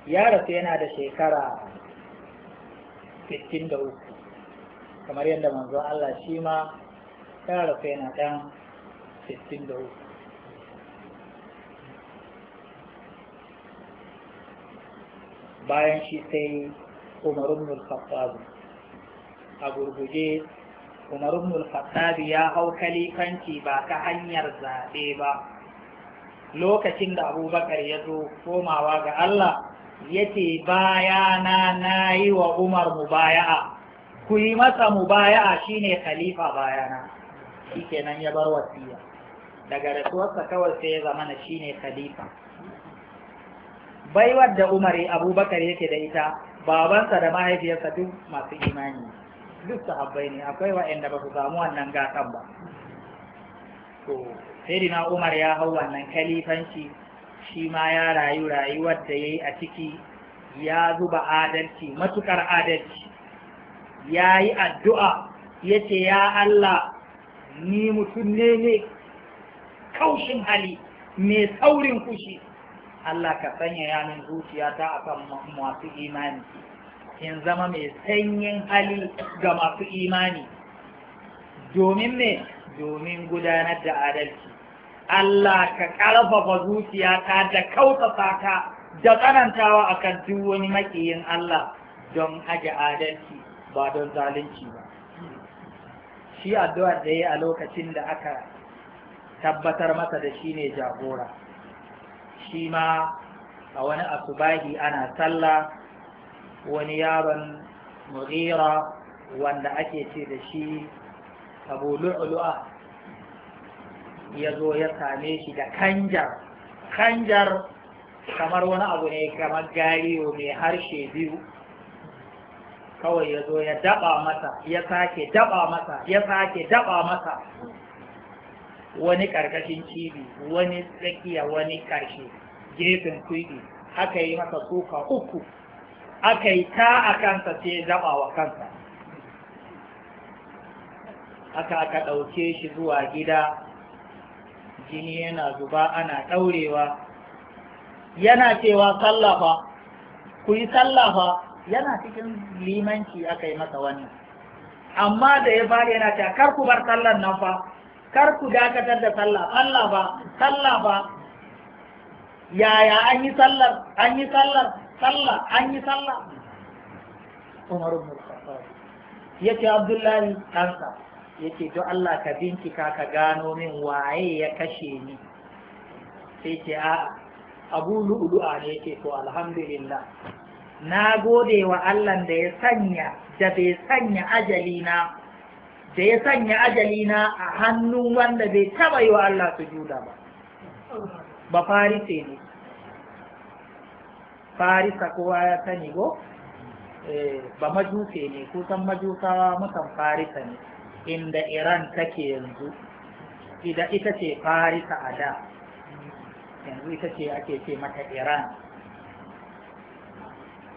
ya rasu yana da shekara 53 kamar yadda manzon Allah shi ma ya rasu yana ɗan 53 bayan shi sai umarun mulkafazu a gurguje Umar ibn al-Khattab ya hau kalifanci ba ta hanyar zaɓe ba lokacin da Abubakar ya zo komawa ga Allah yace bayana nayi wa Umar mubaya'a ku yi masa mubaya'a shine khalifa bayana shikenan ya bar wasiya daga rasuwarsa kawai sai ya zama shine khalifa baiwar da Umar Abubakar yake da ita babansa da mahaifiyarsa duk masu imani duk sahabbai ne akwai wa'anda ba su samu wannan gasar ba to na Umar ya hau wannan kalifanci shi ma ya rayu rayuwar da yayi a ciki ya zuba adalci matukar adalci ya yi addu'a ya ce ya Allah ni mutum ne ne kaushin hali mai saurin kushi Allah ka sanya zuciya zuciyata akan masu imani in zama mai sanyin hali ga masu imani domin me domin gudanar da adalci Allah ka ƙarfafa zuciyata da kautata ta da tsanantawa akan duk wani maƙiyin Allah don aje adalci ba don zalunci ba shi addu'ar da ya a lokacin da aka tabbatar masa da shi ne jagora shi ma a wani asubahi ana sallah wani yaron mughira wanda ake ce da shi abu lu'lu'a ya zo ya same shi da kanjar kanjar kamar wani abu ne kamar gariyo mai harshe biyu kawai ya zo ya daba masa ya sake daba masa ya sake daba masa wani karkashin cibi wani tsakiya wani karshe gefen kuɗi haka yi masa suka uku aka yi ta a kansa sai ya zama wa kansa aka aka ɗauke shi zuwa gida jini yana zuba ana ɗaurewa yana cewa sallafa ku yi sallafa yana cikin limanci aka yi masa wannan amma da ya fara yana cewa kar ku bar sallan nan fa kar ku dakatar da sallah "Sallafa!" sallafa yaya an yi sallar an yi sallar sallah an yi sallah Umar ibn Khattab yace Abdullahi ɗansa yace to Allah ka bincika ka gano min waye ya kashe ni sai ce a Abu Lu'lu'a ne yake to alhamdulillah na gode wa Allah da ya sanya da bai sanya ajali na da ya sanya ajali na a hannun wanda bai taba yi wa Allah sujuda ba ba farisi ne farisa kowa ya sani go eh, ba majuse ne kusan majusawa mutan farisa ne inda iran take yanzu idan ita ce farisa a da yanzu ita ce ake ce mata iran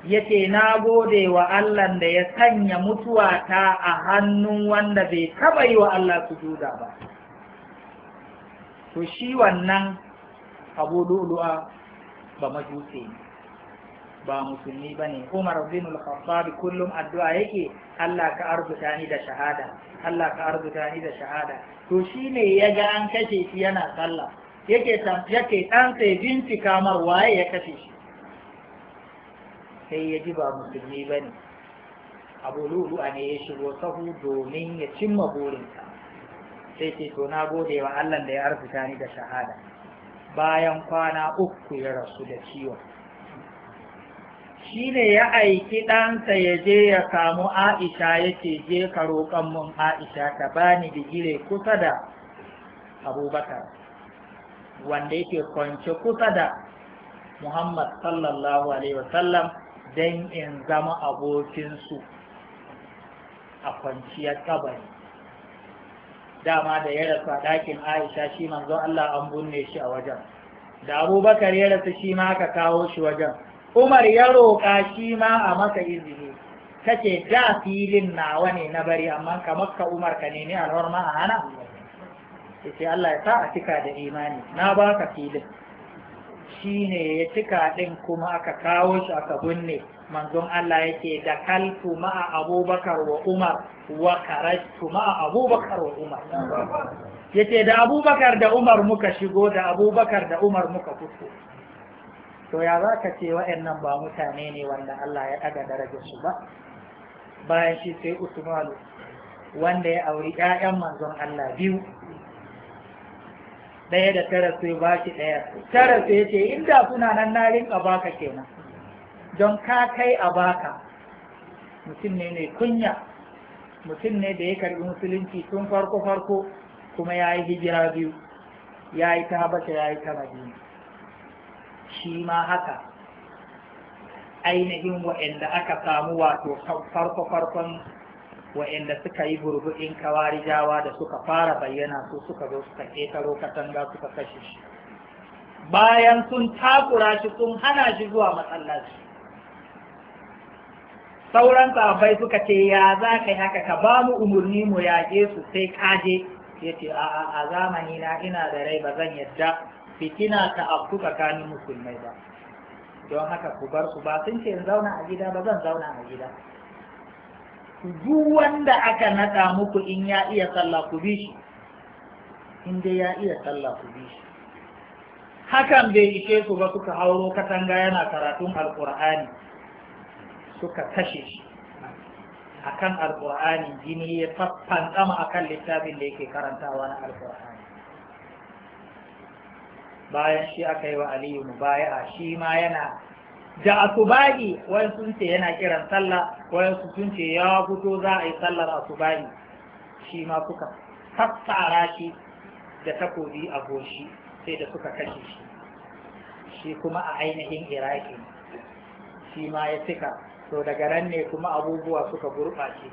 yake na gode wa allah da ya sanya mutuwa ta a hannun wanda bai taba yi wa Allah sujuda ba to shi wannan abu lu'lu'a ba majuse ne ba musulmi ba ne umar bin al-khattab kullum addu'a yake Allah ka arzuta ni da shahada Allah ka arzuta ni da shahada to shine ya ga an kashe shi yana sallah yake yake dan sai bincika mar waye ya kashe shi sai ya ji ba musulmi ba ne abu a ne ya shigo sahu domin ya cimma burinsa sai ce to na gode wa allah da ya arzuta ni da shahada bayan kwana uku ya rasu da ciwon shi ne ya aiki ɗansa ya je ya samu Aisha ya ce je ka roƙon mun Aisha ta bani digire kusa da Abubakar wanda yake kwance kusa da Muhammad sallallahu Alaihi wasallam don in zama abokinsu a kwanciyar kabari. Dama da ya rasu ɗakin Aisha shi manzo Allah an bunne shi a wajen, da Abubakar ya rasu shi ma aka kawo shi wajen. Umar ya roƙa shi ma a masa izini ta ce da filin nawa ne na bari amma ka maka Umar ka nemi alhorma a hana ce Allah ya sa a cika da imani na ba ka filin shi ne ya cika ɗin kuma aka kawo shi aka binne manzon Allah yake da kaltu ma'a abubakar wa Umar wa karatu ma'a abubakar wa Umar ce da abubakar da Umar muka shigo da abubakar da Umar muka fito to ya za ka ce wa'annan ba mutane ne wanda Allah ya ɗaga darajar su ba bayan shi sai usmanu wanda ya auri 'ya'yan manzon Allah biyu ɗaya da tara sai ba shi ɗaya tara sai ce inda suna nan na rinka baka kenan don ka kai a baka mutum ne mai kunya mutum ne da ya karɓi musulunci tun farko farko kuma ya yi hijira biyu ya yi ta habasha ya yi ta madina shi ma haka ainihin wa'anda aka samu wato farko-farkon wa'anda suka yi burbuɗin kawarijawa da suka fara bayyana su suka zo suka ƙetaro katanga suka kashe shi bayan sun takura shi sun hana shi zuwa matsalaci sauran tsabai suka ce ya za ka yi haka ka ba mu umarni mu yaƙe su sai kaje ya ce a a zamani na ina da rai ba zan yadda fitina ta abu tsakanin musulmai ba don haka ku bar su ba sun ce in zauna a gida ba zan zauna a gida duk wanda aka naɗa muku in ya iya sallah ku bi shi in dai ya iya sallah ku bi shi hakan bai ishe su ba suka hauro katanga yana karatun alqur'ani suka kashe shi akan alqur'ani jini ya fafan sama akan littafin da yake karantawa na alqur'ani bayan shi aka yi wa aliyu mubaya'a shi ma yana da asubahi wani sun ce yana kiran sallah wani sun ce ya fito za a yi sallar asubahi shi ma suka sassara shi da takobi a goshi sai da suka kashe shi shi kuma a ainihin iraki shi ma ya cika to daga nan ne kuma abubuwa suka gurɓace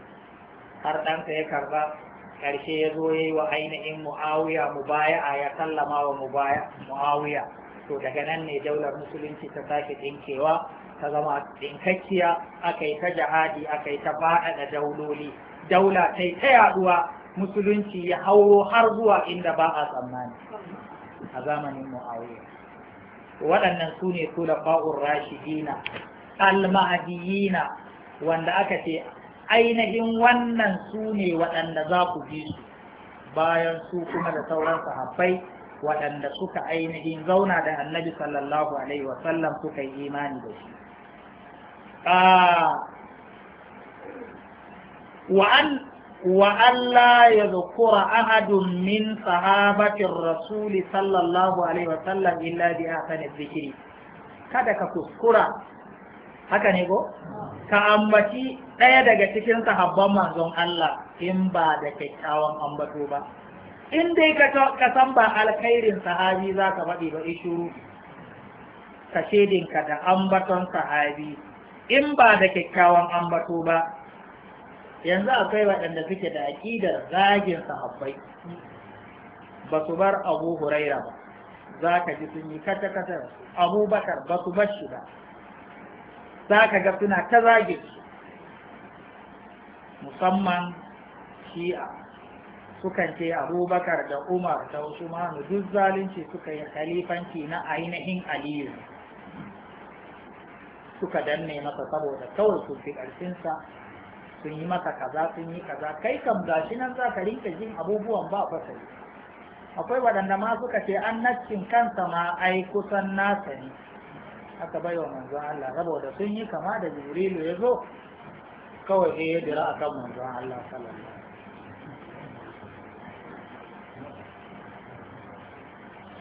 har ɗansa ya karba karshe ya zo ya yi wa ainihin mu'awiya mubaya'a ya sallama wa mu'awiya to daga nan ne daular musulunci ta sake ɗinkewa ta zama ɗinkakkiya aka yi ta jihadi aka yi ta faɗaɗa dauloli daula ta yi ta yaɗuwa musulunci ya hauro har zuwa inda ba a tsammani a zamanin mu'awiya waɗannan su ne su da fa'ur rashidina al-mahdiyina wanda aka ce ainihin wannan su ne waɗanda za ku bi su bayan su kuma da sauran sahabbai waɗanda suka ainihin zauna da annabi sallallahu alaihi wasallam suka yi imani da shi وأن لا يذكر أحد sahabatin rasuli Sallallahu alaihi الله illa bi إلا بأحسن الذكر kada ka kuskura haka ne ko ka ambaci ɗaya daga cikin sahabban manzon Allah in ba da kyakkyawan ambato ba in dai ka san ba alkhairin sahabi za ka faɗi ba ishuru ka shedinka da ambaton sahabi in ba da kyakkyawan ambato ba yanzu akwai waɗanda suke da aƙidar zagin sahabbai ba su bar abu huraira ba za ka ji sun yi kata-kata abubakar ba su bar shi ba za ka ga suna ta zage musamman shi'a sukan ce abubakar da umar da usmanu duk zalunci suka yi khalifanci na ainihin aliyu suka danne masa saboda kawai sun fi ƙarfinsa sun yi masa kaza sun yi kaza kai kam gashi nan za ka rinka jin abubuwan ba fasari akwai waɗanda ma suka ce an naccin kansa ma ai kusan nasa ne aka bai wa manzon Allah saboda sun yi kama da jibrilu ya zo kawai sai ya dira akan manzon Allah sallallahu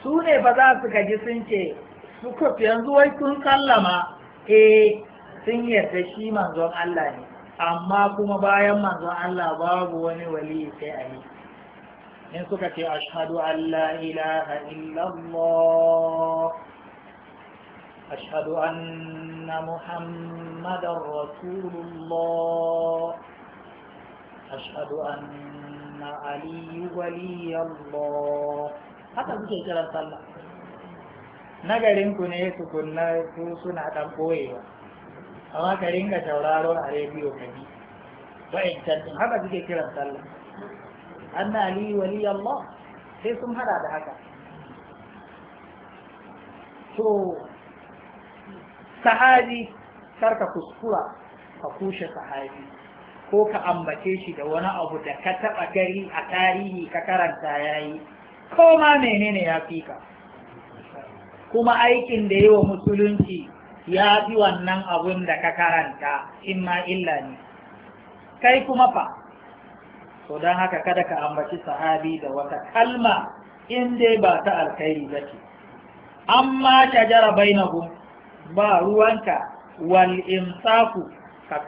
su ne ba za su gaji sun ce su yanzu wai sun kallama eh sun yarda shi manzon Allah ne amma kuma bayan manzon Allah babu wani wali sai a yi in suka ce ashhadu an la ilaha illallah أشهد أن محمد رسول الله أشهد أن علي ولي الله هذا هو جل صلى نجرين كوني سكنا سوسنا كم قوي أما كرين كشورارو عربي ومبي فإن تنتم هذا هو جل صلى أن علي ولي الله سيسم هذا هذا هذا sahabi karka kuskura ka kushe sahabi ko ka ambace shi da wani abu da ka taɓa gari a tarihi ka karanta yayi yi ko ma menene ya fi ka kuma aikin da yi wa musulunci ya fi wannan abun da ka karanta in ma illa ne kai kuma fa to don haka kada ka ambaci sahabi da wata kalma in dai ba ta alkhairi ba ce amma shajara bainahum ba ruwanka wal imsaku ka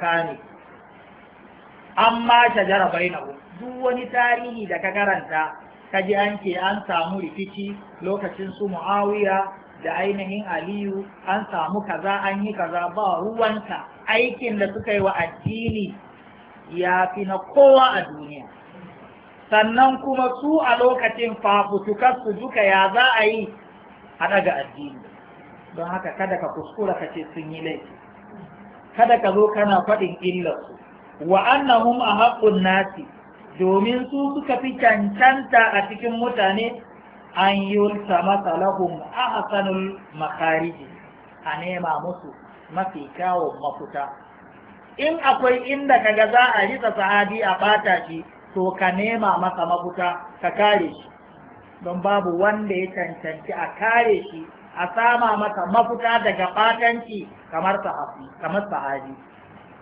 amma shajara bainahu duk wani tarihi da ka karanta ka ji an ce an samu rikici lokacin su muawiya da ainihin aliyu an samu kaza an yi kaza ba ruwanka aikin da suka yi wa addini ya fi na kowa a duniya sannan kuma su a lokacin su duka ya za a yi a daga addini don haka kada ka kuskura ka ce sun yi laifi kada ka zo kana faɗin illarsu wa annahum ahaqqun nasi domin su suka fi cancanta a cikin mutane an yi yulta masa a hasanul makariji a nema musu mafi kyawun mafuta in akwai inda ka ga za a risa sahabi a ɓata shi to ka nema masa mafuta ka kare shi don babu wanda ya cancanci a kare shi a sama mata mafuta daga fatanci kamar sahabi kamar sahabi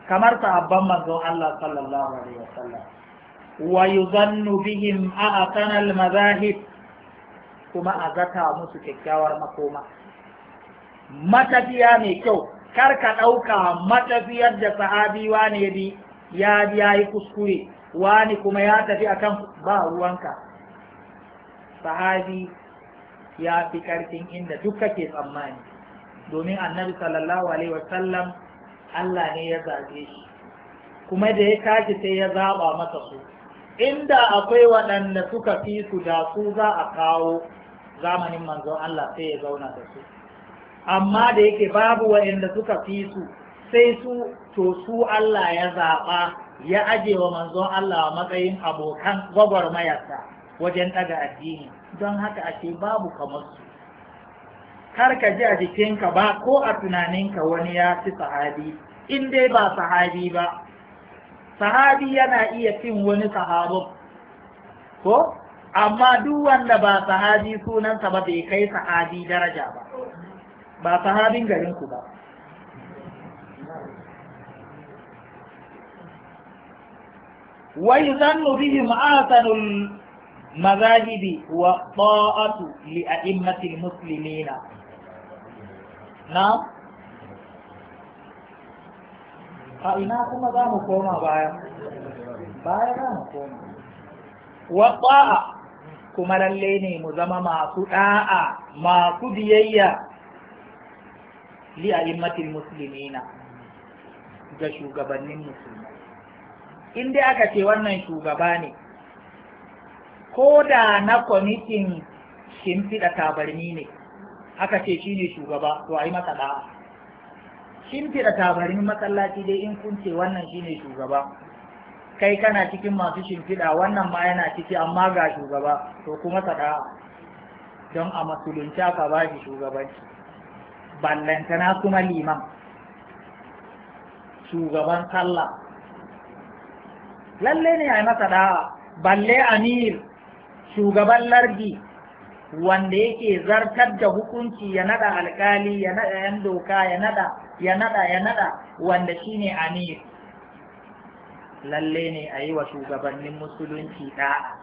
kamar sahabban manzo Allah sallallahu alaihi wasallam wa yuzannu bihim a'tana al-madahib kuma a zata musu kyakkyawar makoma matafiya mai kyau kar ka ɗauka matafiyar da sahabi wane bi ya ya yi kuskure wani kuma ya tafi akan ba ruwanka sahabi ya fi ƙarfin inda duk kake tsammani domin annabi sallallahu alaihi wasallam Allah ne ya zaɓe shi kuma da ya tashi sai ya zaɓa masa su inda akwai waɗanda suka fi su da su za a kawo zamanin manzon Allah sai ya zauna da su amma da yake babu waɗanda suka fi su sai su to su Allah ya zaɓa ya aje wa manzon Allah matsayin abokan gwagwarmayarsa wajen ɗaga addini don haka ashe babu kamar su kar ka ji a jikinka ba ko a tunaninka wani ya fi sahabi in dai ba sahabi ba sahabi yana iya cin wani sahabin ko amma duk wanda ba sahabi sunansa ba bai kai sahabi daraja ba ba sahabin garinku ba wai zannu bihim asanul مذاهب والطاعة لأئمة المسلمين نعم أئنا كما ذا مقوما بايا بايا ذا مقوما والطاعة kuma lalle ne mu zama masu ɗa'a masu biyayya li a immatin musulmina ga shugabannin musulmai in dai aka ce wannan shugaba ne ko da na kwamitin shimfiɗa tabarni ne aka ce shi ne shugaba to a yi masa da'a shimfiɗa tabarnin masallaci dai in kun ce wannan shi ne shugaba kai kana cikin masu shimfiɗa wannan ma yana ciki amma ga shugaba to kuma sada'a don a musulunci aka ba shi shugabanci ballantana kuma liman shugaban sallah lalle ne a yi masa da'a balle amir shugaban lardi wanda yake zartar da hukunci ya nada alkali ya nada yan doka ya nada ya nada ya nada wanda shine amir lalle ne a yi wa shugabannin musulunci da'a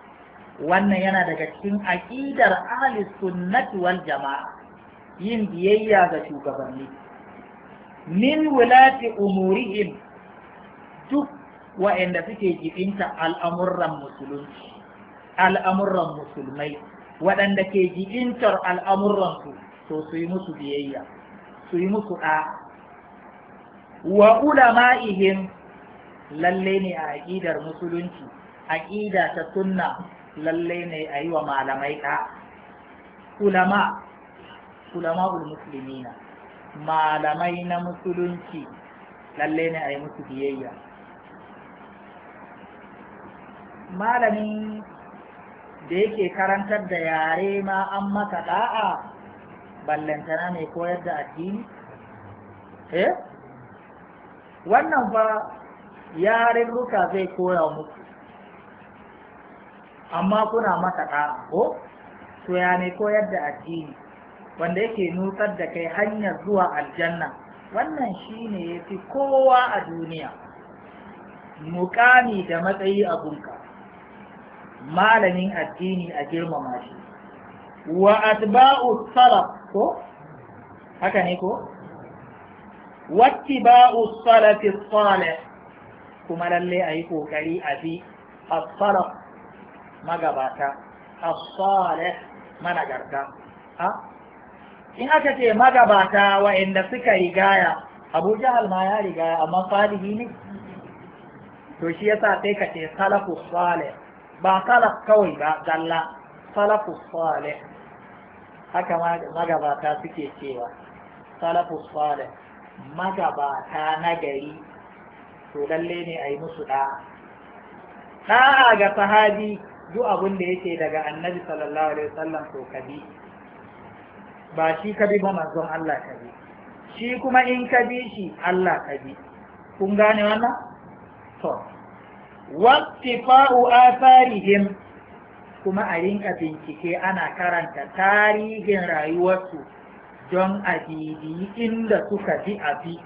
wannan yana daga cikin aƙidar ahli sunnati wal jama'a yin biyayya ga shugabanni min wulati umurihim duk wa'anda suke jibinta al'amuran musulunci al'amuran musulmai waɗanda ke jiɗintar al'amuransu to su yi musu biyayya su yi musu ɗa wa ulama'ihim lalle ne a aƙidar musulunci aƙida ta sunna lalle ne a yi wa malamai ɗa ulama musulmi na, malamai na musulunci lalle ne a yi musu biyayya malamin da yake karantar da yare ma an maka da'a ballantana mai koyar da addini eh wannan fa yaren ruka zai koya muku amma kuna mata da'a ko to ya ne koyar da addini wanda yake nutsar da kai hanyar zuwa aljanna wannan shine yafi kowa a duniya mukami da matsayi a gunka malamin addini a girmama shi wa atba'u salaf ko haka ne ko wattiba'u salafi salih kuma lalle ayi kokari a bi as-salaf magabata as-salih managarta ha in aka ce magabata wa'anda suka rigaya Abu Jahal ma ya rigaya amma salihi ne to shi yasa sai ka ce salafu salih ba salaf kawai ba dalla salafu salih haka magabata suke cewa salafu salih magabata na gari to lalle ne a yi musu da'a da'a ga sahabi duk abin da yake daga annabi sallallahu alaihi wasallam to kabi ba shi kabi ba manzon Allah kabi shi kuma in kabi shi Allah kabi kun gane wannan to wattifa'u asarihim kuma a rinka bincike ana karanta tarihin rayuwarsu don a didi inda suka bi a bi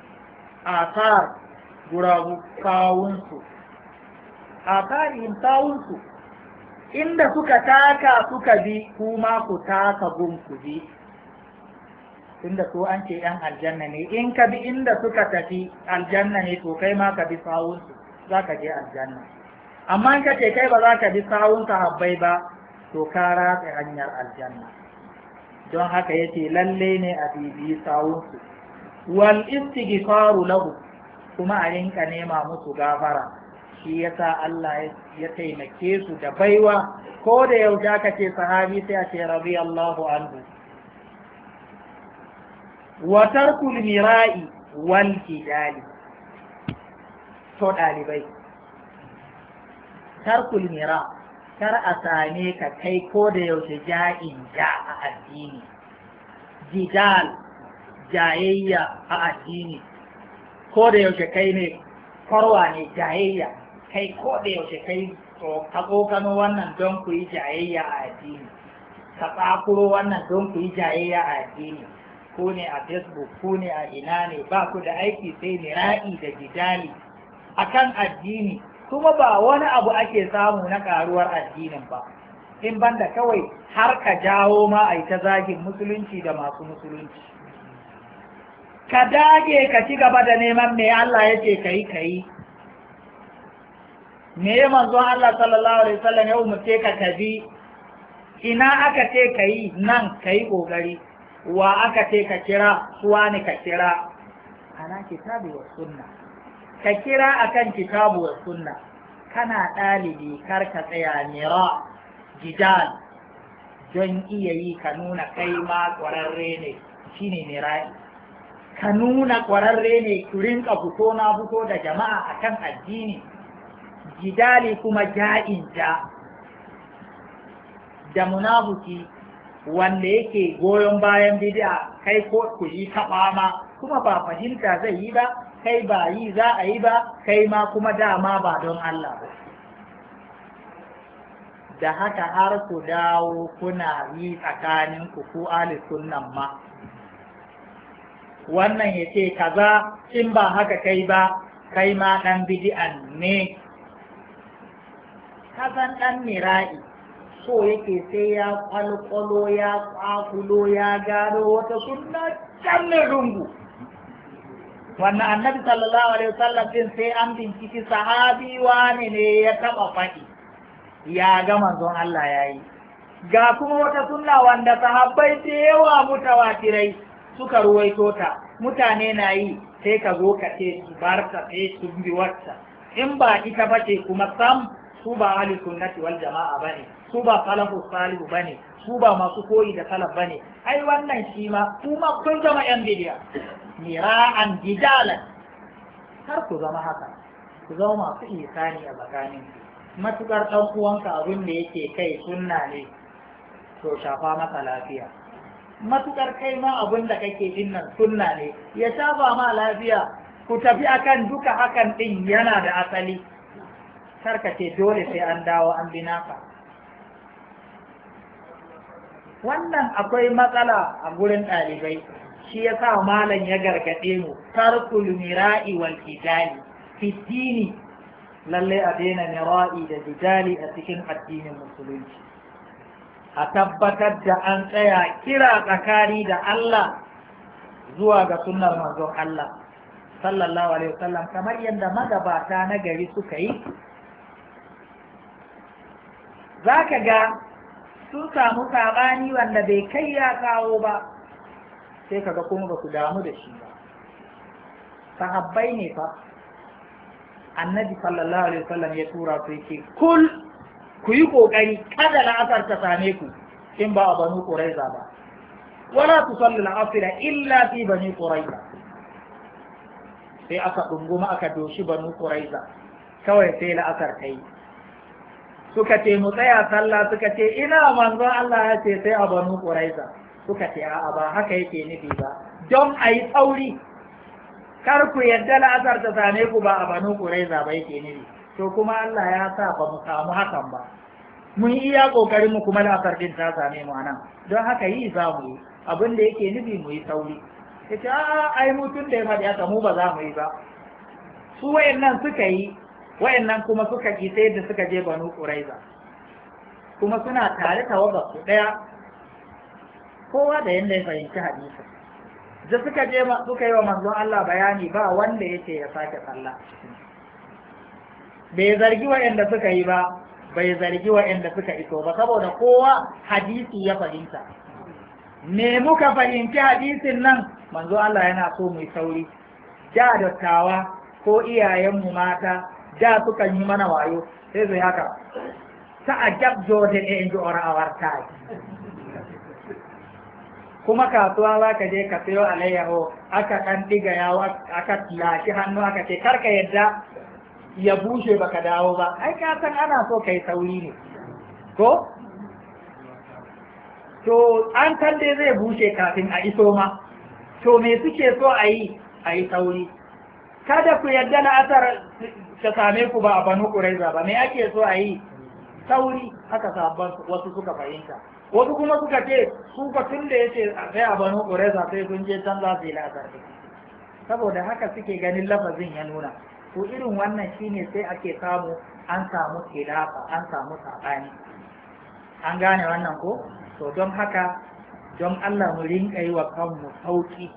athar gurabu kawunsu atharihim kawunsu inda suka taka suka bi kuma ku taka gun ku bi tunda so an ce yan aljanna ne in ka bi inda suka tafi aljanna ne to kai ma ka bi sawunsu za ka je aljanna amma in ka ce kai ba za ka bi sawun Habbai ba to ka ratsa hanyar aljanna don haka yace lalle ne a bibiyi sawunsu wal istighfaru lahu kuma a rinka nema musu gafara shi yasa Allah ya taimake su da baiwa ko da yauja ka ce sahabi sai a ce radiyallahu anhu wa tarkul mira'i wal kidali to ɗalibai tarkul mira kar a same ka kai ko da yaushe ja'in ja a addini jidal jayayya a addini ko da yaushe kai ne farwa ne jayayya kai ko da yaushe kai to ka kokano wannan don ku yi jayayya a addini ka tsakuro wannan don ku yi jayayya a addini ku ne a facebook ku ne a ina ne ba ku da aiki sai mira'i da jidali akan addini kuma ba wani abu ake samu na karuwar addinin ba in banda kawai har ka jawo ma a yi ta zagin musulunci da masu musulunci ka dage ka ci gaba da neman me Allah ya ce ka yi ka yi me ya Allah sallallahu alaihi wasallam ya umarce ka ka ina aka ce ka nan ka yi kokari wa aka ce ka kira suwa ne ka kira ana kitabi wa sunna ka kira akan kitabu wa sunna kana ɗalibi kar ka tsaya mira jidal don iya yi ka nuna kai ma ƙwararre ne shi shine mira'i ka nuna ƙwararre ne ku rinka fito na fito da jama'a a kan addini jidali kuma ja'in ja da munafuki wanda yake goyon bayan bid'a kai ko ku yi taɓa ma kuma ba fahimta zai yi ba kai ba yi za a yi ba kai ma kuma dama ba don Allah ba da haka har ku dawo kuna yi tsakanin ku ku sunnan ma wannan ya ce kaza in ba haka kai ba kai ma ɗan bidi'an ne kasan ɗan mira'i so yake sai ya kwalkwalo ya kwakulo ya gano wata sunna can rungu wannan annabi sallallahu alaihi wasallam din sai an binciki sahabi wane ne ya taba faɗi ya ga manzon Allah yayi ga kuma wata sunna wanda sahabbai da yawa mutawatirai suka ruwaito ta mutane na yi sai ka zo ka ce su sai su bi wata in ba ita ba ce kuma sam su ba ahli sunnati wal jama'a bane su ba salafus salihu bane su ba masu koyi da salaf bane ai wannan shi ma kuma kun zama yan bidiya mira'an jidalan har ku zama haka ku zama masu isani a tsakanin matukar ɗan uwanka abin da yake kai sunna ne to shafa masa lafiya matukar kai ma abin da kake din nan sunna ne ya shafa ma lafiya ku tafi akan duka hakan din yana da asali karkace dole sai an dawo an bi naka wannan akwai matsala a gurin ɗalibai shi ya sa malam ya gargaɗe mu tarkul mira'i wal jidali fitini lalle a daina mira'i da jidali a cikin addinin musulunci a tabbatar da an tsaya kira tsakani da Allah zuwa ga sunnar manzon Allah sallallahu alaihi wasallam kamar yadda magabata na gari suka yi za ka ga sun samu saɓani wanda bai kai ya kawo ba sai kaga kuma ba ku damu da shi ba sahabbai ne fa annabi sallallahu alaihi wasallam ya tura su yake kul ku yi kokari kada la'asar ta same ku in ba a banu quraiza ba wala tusalli al-asr illa fi bani quraiza sai aka dunguma aka doshi banu quraiza kawai sai la'asar ta yi suka ce mu tsaya sallah suka ce ina manzon Allah ya ce sai a banu quraiza suka ce a'a ba haka yake nufi ba don a yi tsauri kar ku yadda la'asar ta same ku ba a banu za ba yake nufi to kuma Allah ya sa ba mu samu hakan ba mun iya kokarin mu kuma la'asar din ta same mu anan don haka yi za mu yi abin da yake nufi mu yi tsauri ya ce a'a ai mutum da ya faɗi haka mu ba za mu yi ba su wayannan suka yi wayannan kuma suka ki sai da suka je banu ƙuraiza kuma suna tare tawagar su ɗaya kowa da yanda ya fahimci hadisi da suka je suka yi wa manzon Allah bayani ba wanda yake ya sake tsalla. bai zargi waɗanda suka yi ba bai zargi waɗanda suka iso ba saboda kowa hadisi ya fahimta me muka fahimci hadisin nan manzo Allah yana so mu sauri da dattawa ko iyayenmu mata da suka yi mana wayo sai zai haka ta'ajab jordan in ji our kuma kasuwa za ka je ka sayo alayyaho aka kan ɗiga yawo aka lashi hannu aka ce karka yadda ya bushe baka dawo ba ai ka san ana so kai sauri ne ko to an san dai zai bushe kafin a iso ma to me suke so a yi a yi sauri kada ku yadda na asar ta same ku ba a banu ƙuraiza ba me ake so a yi sauri haka sabon wasu suka fahimta wasu kuma suka ce su fa tun da yace sai a banu qurayza sai sun je can za su yi la'asar saboda haka suke ganin lafazin ya nuna ko irin wannan shine sai ake samu an samu khilafa an samu saɓani an gane wannan ko to don haka don Allah mu rinka yi wa kanmu sauki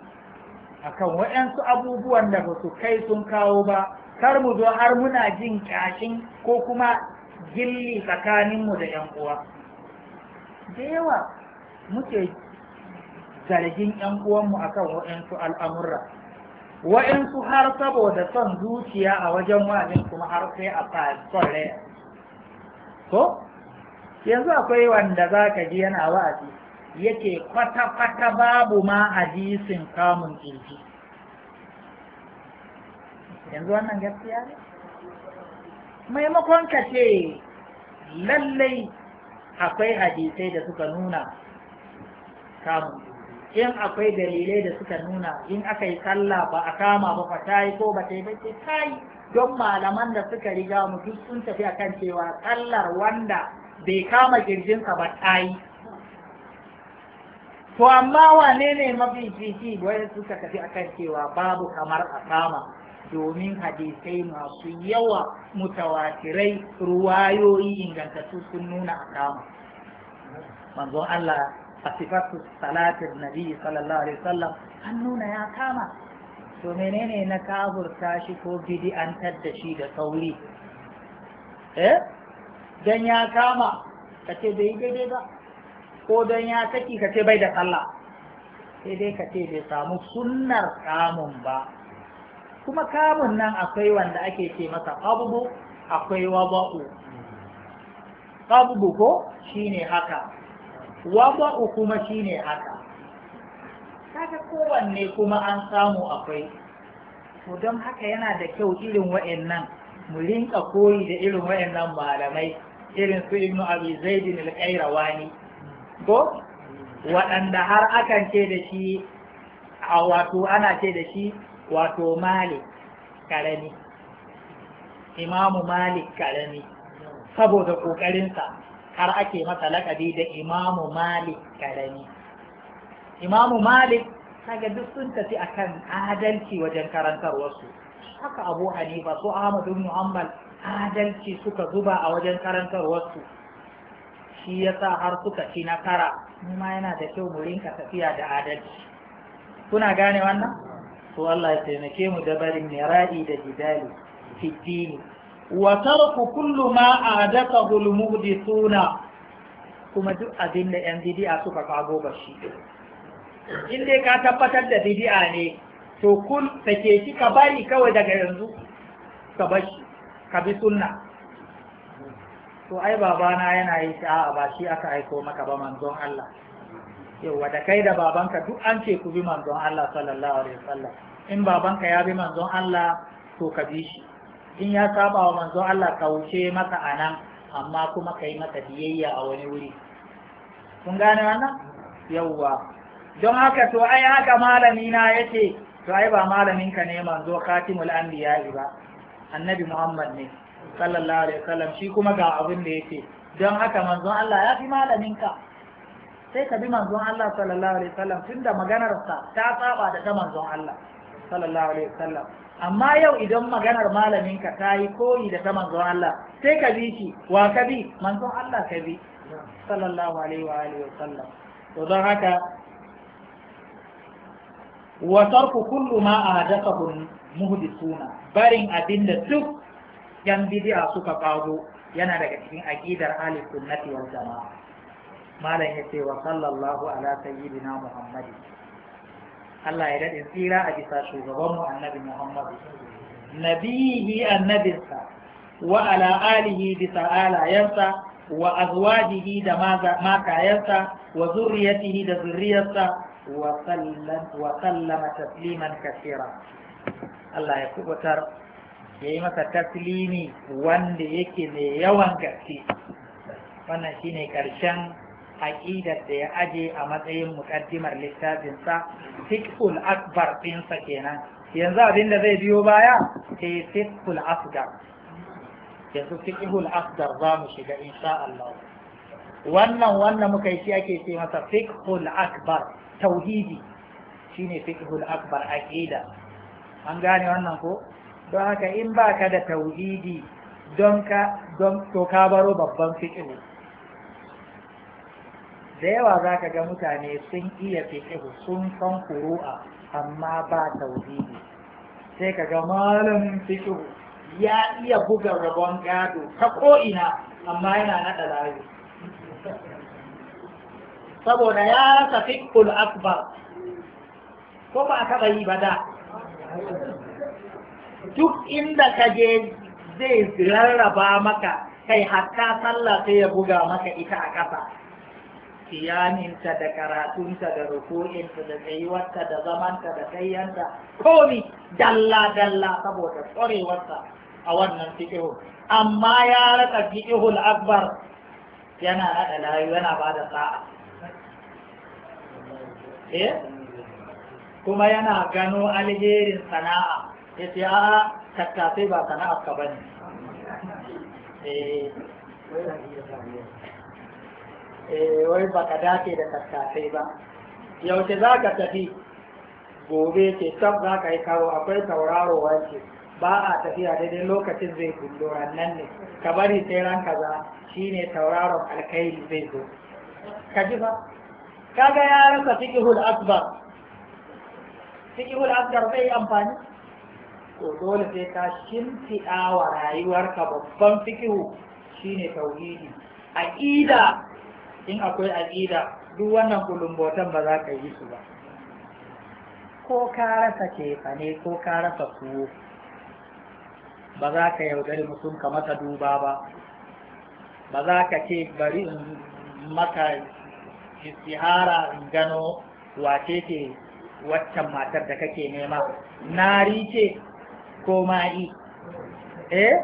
akan waɗansu abubuwan da ba su kai sun kawo ba kar mu zo har muna jin ƙyashin ko kuma gilli tsakaninmu da 'yan uwa. da yawa muke zargin ‘yan uwanmu a kan wa'yansu al'amurra wa'yansu har saboda son zuciya a wajen wa'anin kuma har sai a son rai ko yanzu akwai wanda za ka ji yana wa'azi yake kwata-kwata babu ma hadisin kamun kirji yanzu wannan gaskiya ne maimakon ka ce lallai akwai hadisai da suka nuna kam in akwai dalilai da suka nuna in aka yi sallah ba a kama ba fa ta ko ba ta yi ba don malaman da suka riga mu duk sun tafi akan cewa sallar wanda bai kama kirjinsa ba ta yi to amma wane ne mafi jiki wanda suka tafi akan cewa babu kamar a kama domin hadisai masu yawa mutawatirai ruwayoyi ingantattu sun nuna a kama manzon Allah a sifatu salatin nabi sallallahu alaihi wasallam an nuna ya kama to menene na kaburta shi ko bid'antar da shi da sauri eh dan ya kama kace bai daidai ba ko dan ya saki kace bai da sallah sai dai kace bai samu sunnar kamun ba kuma kamun nan akwai wanda ake ce masa ƙabubu akwai waba'u ƙabubu ko shine haka waba'u kuma shine haka kaga kowanne kuma an samu akwai to don haka yana da kyau irin wa'annan mu rinka koyi da irin wa'annan malamai irin su ibnu abi zaidin al-qayrawani ko waɗanda har akan ce da shi a wato ana ce da shi wato malik karami imamu malik karami saboda ƙoƙarinsa har ake masa lakabi da imamu malik karami imamu malik kaga duk sun tafi akan adalci wajen karantarwarsu haka abu hanifa su ahmad ibn hanbal adalci suka zuba a wajen karantarwarsu shi yasa har suka ci nasara mu yana da kyau mu rinka tafiya da adalci kuna gane wannan to Allah ya taimake mu da barin mira'i da jidali fitini. wa tarku kullu ma adaka al-muhdithuna kuma duk abin da yan bid'a suka kago ba shi in dai ka tabbatar da bid'a ne to kun take shi ka bari kawai daga yanzu ka bashi ka bi sunna to ai babana yana yi sa'a ba shi aka aiko maka ba manzon Allah yawa da kai da babanka duk an ce ku bi manzon Allah sallallahu alaihi wasallam in babanka ya bi manzon Allah to ka bi shi in ya saba wa manzon Allah ka wuce maka anan amma kuma ka yi biyayya a wani wuri kun gane wannan yawa don haka to ai haka malami na yace to ai ba malamin ka ne manzo khatimul anbiya ba annabi Muhammad ne sallallahu alaihi wasallam shi kuma ga abin da yake don haka manzon Allah ya fi malamin ka sai ka bi manzon Allah sallallahu alaihi wasallam tunda maganarsa ta saba da ta manzon Allah sallallahu alaihi wasallam amma yau idan maganar malaminka ka tayi koyi da ta manzon Allah sai ka bi shi wa ka bi manzon Allah ka bi sallallahu alaihi wa alihi wasallam to don haka wa tarku kullu ma ahdathahu muhdithuna barin abinda duk yan bid'a suka kawo yana daga cikin aqidar ahli sunnati wal jamaa malam ya ce wa sallallahu ala sayyidina muhammadi Allah ya daɗin tsira a bisa shugabanmu annabi muhammadu nabihi annabinsa wa ala alihi bisa alayensa wa azwajihi da makayensa wa zurriyatihi da zurriyarsa wa sallama tasliman kasira Allah ya kubutar ya yi masa taslimi wanda yake mai yawan gaske wannan shine karshen aqidar da ya aje a matsayin muqaddimar littafin sa fiqhul akbar din sa kenan yanzu abin da zai biyo baya sai fiqhul asgar yanzu fiqhul asgar za mu shiga insha Allah wannan wannan muka yi shi ake ce masa fiqhul akbar tauhidi shine fiqhul akbar aqida an gane wannan ko don haka in baka da tauhidi don ka don to ka baro babban fiqhu da yawa za ka ga mutane sun iya fiƙihu sun san kuru'a amma ba tauhidi sai ka ga malamin fiƙihu ya iya buga rabon gado ta ko'ina amma yana naɗa layu saboda ya rasa fiƙul akbar ko ba a taɓa yi ba da duk inda ka je zai rarraba maka kai hatta sallah sai ya buga maka ita a ƙasa kiyaminta da karatunta da ruku'inta da tsayuwarta da zamanta da kayyanta komi dalla dalla saboda tsorewarsa a wannan fiƙihu amma ya raka fiƙihul akbar yana naɗa layu yana ba da sa'a eh kuma yana gano alherin sana'a ya ce a tattafai ba sana'a ka bane eh Eh, wai ka dace da tattasai ba yaushe za ka tafi gobe ce tab za ka yi kawo akwai tauraro wance ba a tafiya daidai lokacin zai gundo nan ne ka bari sai ran kaza shine tauraron alkhairi zai zo ka ji ba kaga ya rasa fiqhul akbar fiqhul akbar zai amfani to dole sai ka shimfiɗa wa rayuwarka babban fiqhu shine tauhidi aqida in akwai aƙida duk wannan kulumbotan ba za ka yi su ba ko ka rasa ne ko ka rasa kuwo ba za ka yaudari mutum ka masa duba ba ba za ka ce bari in maka istihara in gano wace ce waccan matar da kake nema nari ce ko ma'i eh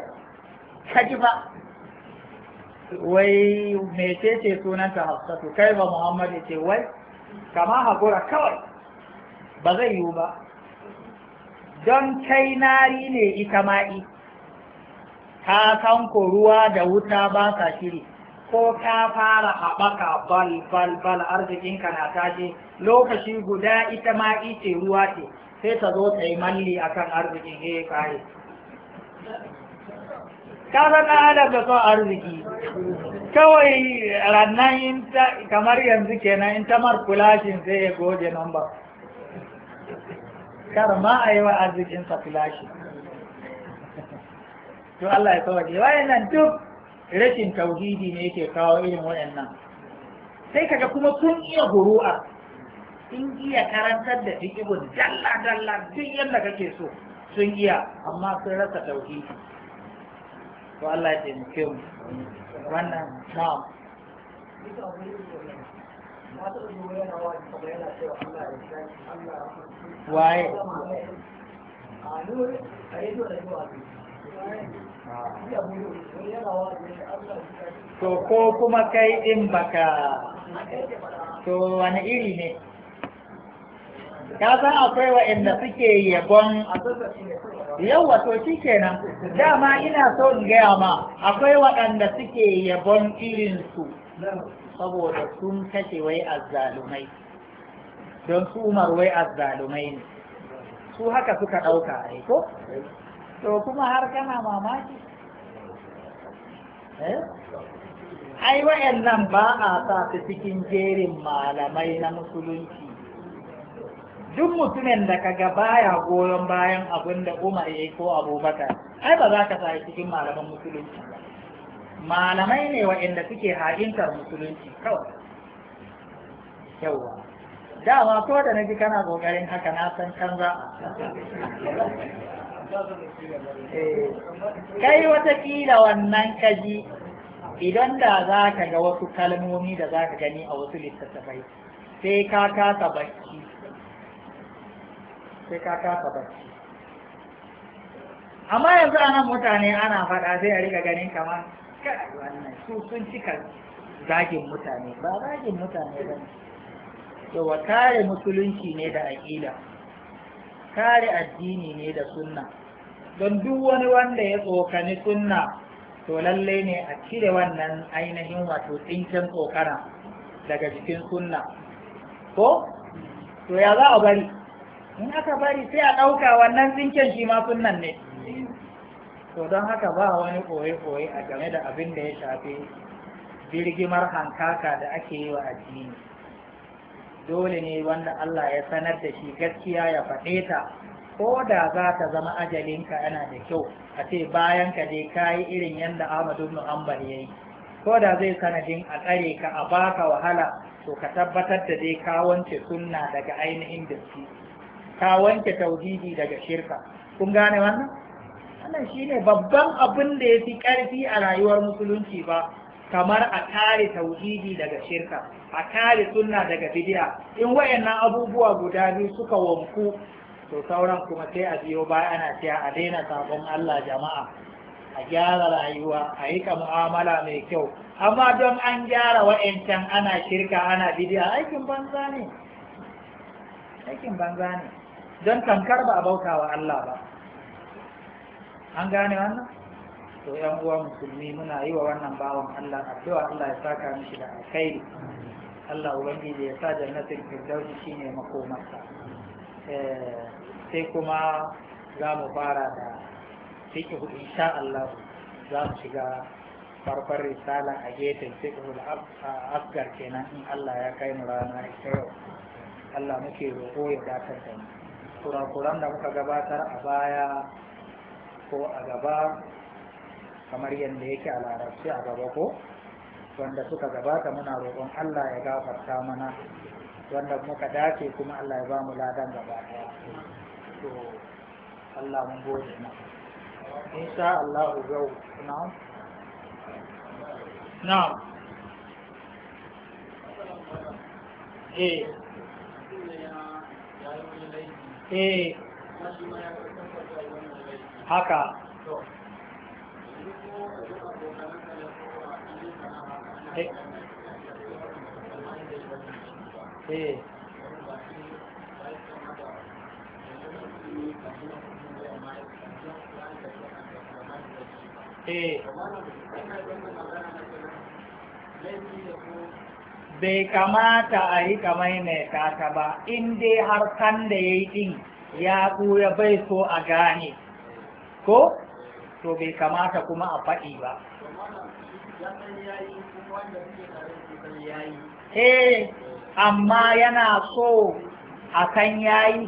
ka ba wai mecece sunanta hafsatu kai ba muhammad ce wai kama haƙura kawai ba zai yiwu ba don kai nari ne ita ma'i ka san ruwa da wuta ba sa shiri ko ka fara haɓaka bal bal bal arzikinka na tashi lokaci guda ita ma'i ce ruwa ce sai ta zo ta yi malli akan arzikin ya eh, kare ka san adam da son arziki kawai rannan in kamar yanzu kenan in tamar kulashin sai ya goge number kar ma a yi wa arzikinsa filashi to Allah ya kawaje wayannan duk rashin tauhidi ne yake kawo irin wayannan sai kaga kuma kun iya guru'a sun iya karantar da fiqhun dalla dalla duk yadda kake so sun iya amma sun rasa tauhidi to Allah ya taimake mu wannan na'am waye to ko kuma kai din baka to wani iri ne ka san akwai wa'anda suke yabon Yau to shi kenan dama ina so in gaya ma akwai waɗanda suke yabon irinsu saboda sun kashe wai azzalumai don su wai azzalumai ne su haka suka ɗauka ai ko to kuma har kana mamaki eh? ai wa'annan ba a sa su cikin jerin malamai na musulunci duk mutumin da kaga baya goyon bayan abin da Umar yayi ko Abubakar ai ba za ka sai cikin malaman musulunci ba malamai ne waɗanda suke ha'intar musulunci kawai yawa dama ko da na ji kana kokarin haka na san za eh, kai watakila wannan kaji idan da za ka ga wasu kalmomi da za ka gani a wasu littattafai sai ka kasa bakki sai ka kasa bacci amma yanzu ana mutane ana faɗa sai a riga ganin kama wannan su sun cika zagin mutane ba zagin mutane ba wa kare musulunci ne da aƙida kare addini ne da sunna don duk wani wanda ya tsokani sunna to lalle ne a cire wannan ainihin wato tsinken tsokana daga jikin sunna ko to ya za a bari in aka bari sai a ɗauka wannan tsinken shi ma sunnan ne to don haka ba wani koye-koye a game da abin da ya shafi birgimar hankaka da ake yi wa addini dole ne wanda Allah ya sanar da shi gaskiya ya faɗe ta ko da za ta zama ajalinka yana da kyau a ce bayan ka je ka yi irin yadda Ahmadu ibn Hanbal ya yi ko da zai sanadin a tsare ka a baka wahala to ka tabbatar da dai ka wance sunna daga ainihin su ka wanke tauhidi daga shirka kun gane wannan wannan shine babban abin da ya fi ƙarfi a rayuwar musulunci ba kamar a kare tauhidi daga shirka a kare sunna daga bidiya in wayannan abubuwa guda biyu suka wanku to sauran kuma sai a biyo ba ana cewa a daina sabon Allah jama'a a gyara rayuwa a yi ka mu'amala mai kyau amma don an gyara wa'ancan ana shirka ana bidiya aikin banza ne aikin banza ne don tankar ba a bauta wa Allah ba an gane wannan to yan uwa musulmi muna yi wa wannan bawan Allah addu'a Allah ya saka mishi da alkhairi Allah ubangiji ya sa jannatin firdausi shine makomarsa eh, sai kuma za mu fara da fiqh insha Allah za mu shiga farkon risala a gefen fiqh al-asgar kenan in Allah ya kai mu rana ta yau Allah muke roƙo ya gatar da mu kurakuran da muka gabatar a baya ko a gaba kamar yadda yake a larabci a gaba ko wanda suka gabata muna roƙon Allah ya gafarta mana wanda muka dace kuma Allah ya ba mu ladan gaba daya to Allah mun gode ma insha Allah yau na na eh eh haka eh eh, eh. bai kamata a yi kamai mai ta ba in dai har kan da ya yi ɗin ya ɓuya bai so a gane ko to bai kamata kuma a faɗi ba eh amma yana so a kan yayi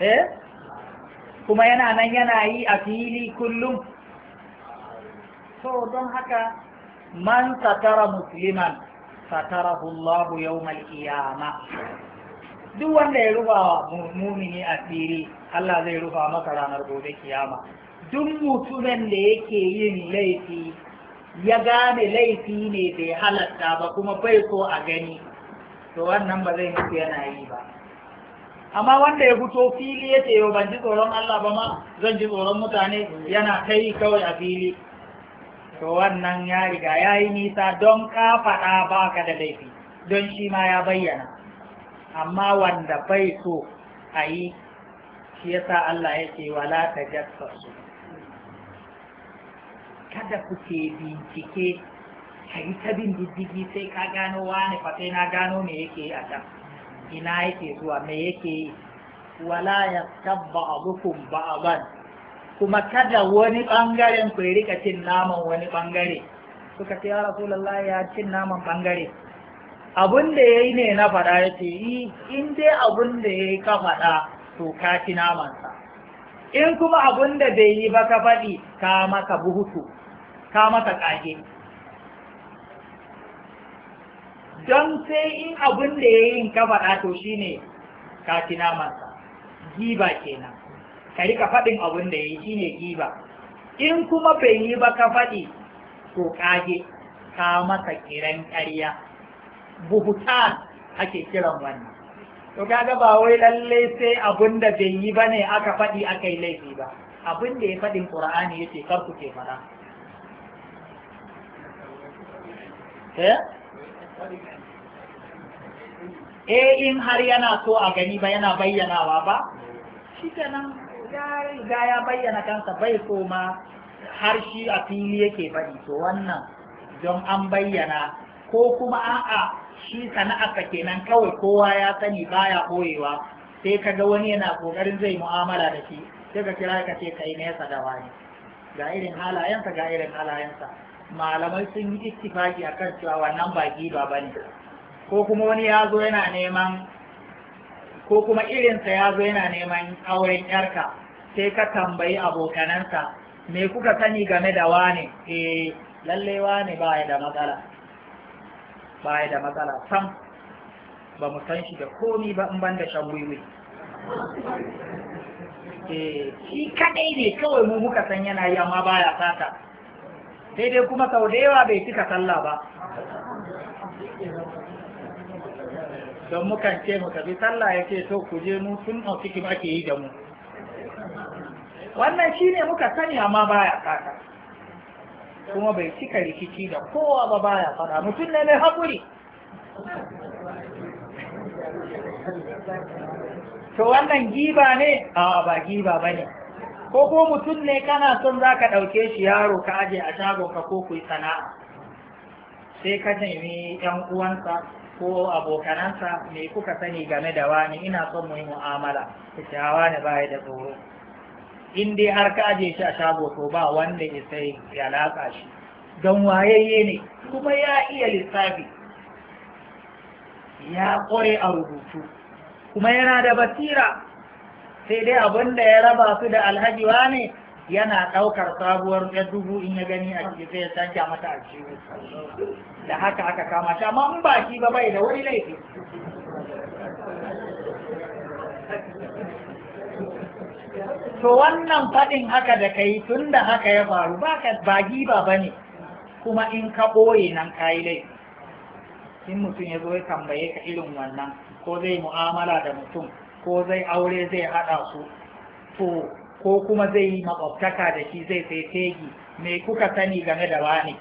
eh kuma yana nan yana yi a fili kullum so don haka man satara musliman satarahu Allahu yawmal qiyama duk wanda ya ruba wa mumini asiri Allah zai rufa maka ranar gobe kiyama duk mutumin da yake yin laifi ya gane laifi ne bai halatta ba kuma bai so a gani to wannan ba zai mutu yana yi ba amma wanda ya fito fili ya ce ban ji tsoron Allah ba ma zan ji tsoron mutane yana kai kawai a fili to wannan ya riga ya yi nisa don ka faɗa ba ka da laifi don shi ma ya bayyana amma wanda bai so a yi shi yasa Allah yake wala ta su kada ku ke bincike a yi ta bin diddigi sai ka gano wani fa sai na gano me yake a can ina yake zuwa me yake wala ya tabba abukum ba'aban kuma kada wani ɓangaren ku rika cin naman wani ɓangare suka ce ya rasulallah ya cin naman ɓangare abin da ya yi ne na faɗa ya ce yi in dai abin da ya yi ka faɗa to ka ci namansa in kuma abin da bai yi ba ka faɗi ka maka buhutu ka maka ƙage don sai in abin da ya yi ka faɗa to shine ka ci namansa giba kenan ka rika faɗin abin da ya yi shine giba in kuma bai yi ba ka faɗi to kage ka masa kiran ƙarya buhutan ake kiran wannan to kaga ba wai lallai sai abin da bai yi ba ne aka faɗi aka yi laifi ba abin da ya faɗin ƙur'ani ce kar ku ke faɗa eh? eh in har yana so a gani ba yana bayyanawa ba shi kenan ya riga ya bayyana kansa bai koma har shi a fili yake faɗi to wannan don an bayyana ko kuma a'a shi sana'arsa kenan kawai kowa ya sani baya koyewa sai kaga wani yana kokarin zai mu'amala da shi sai ka kira ka ce kai nesa da wani ga irin halayensa ga irin halayensa malamai sun yi ittifaki akan cewa wannan baki ba bane ko kuma wani ya zo yana neman ko kuma irinsa ya zo yana neman auren yarka sai ka tambayi abokanansa me kuka sani game da wane eh lalle wane ba da matsala ba da matsala sam ba mu san shi da komi ba in ban da shan wiwi eh, shi kadai ne kawai mu muka san yana yi amma baya sata sai dai kuma sau da yawa bai cika sallah ba don mukan ce mu tafi sallah ya ce to ku je mu sun a cikin ake yi da mu wannan shi ne muka sani amma baya fata kuma bai cika rikici da kowa ba baya fada mutum ne mai haƙuri to wannan giba ne a ba giba ba ne ko ko mutum ne kana son za ka ɗauke shi yaro ka aje a shagon ka ko ku yi sana'a sai ka nemi 'yan uwansa ko abokanansa me kuka sani game da wani ina son mu yi mu'amala ta ne baya da tsoro in dai har ka aje shi a shago to ba wanda ya sai ya shi don wayayye ne kuma ya iya lissafi ya kware a rubutu kuma yana da basira sai dai abin ya raba su da alhaji wa ne. yana ɗaukar sabuwar ya dubu in ya gani a ciki sai ya canja mata a ciki da haka aka kama shi amma in ba shi ba bai da wani laifi to wannan faɗin haka da kai tun da haka ya faru ba ka ba giba ba ne kuma in ka ɓoye nan ka yi laifi in mutum ya zo ya tambaye ka irin wannan ko zai mu'amala da mutum ko zai aure zai haɗa su to ko kuma zai yi makwabtaka da shi zai sai tegi me kuka sani game da wani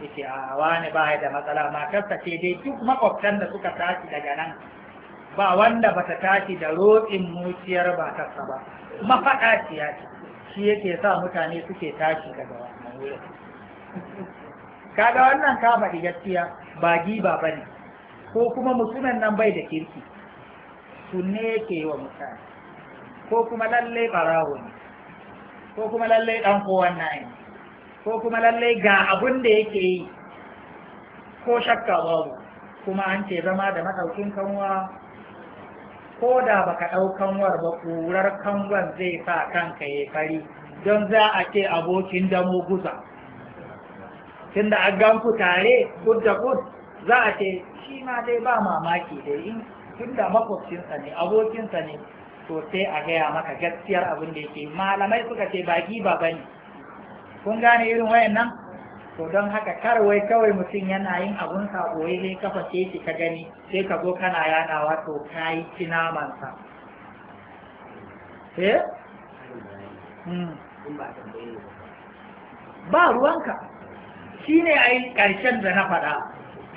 yake a wani ba da matsala matarsa ce dai duk maƙwabtan da suka tashi daga nan ba wanda bata tashi da rotsin muciyar matarsa ba mafaɗa ce shi yake sa mutane suke tashi daga wannan wurin kaga wannan ka faɗi gaskiya ba giba ne, ko kuma mutumin nan bai da kirki sunne yake yi wa mutane ko kuma lallai barawo ne ko kuma lallai dan kowan ne ko kuma lallai ga abun da yake yi ko shakka babu kuma an ce zama da maɗaukin kanwa ko da baka ɗau kanwar ba kurar kanwar zai sa kanka ya fari don za a ce abokin damo tunda an gan tare kud da za a ce shi ma dai ba mamaki dai in tunda makwabcinsa ne abokinsa ne to sai a gaya maka gaskiyar abin da yake malamai suka ce ba gi ba ne kun gane irin wayan nan? to don haka wai kawai mutum yana yin abun sabo ne kafa ce shi ka gani sai ka zo kana yadawa to yi kinamansa eh hmm. ba ruwanka shine ai karshen da na faɗa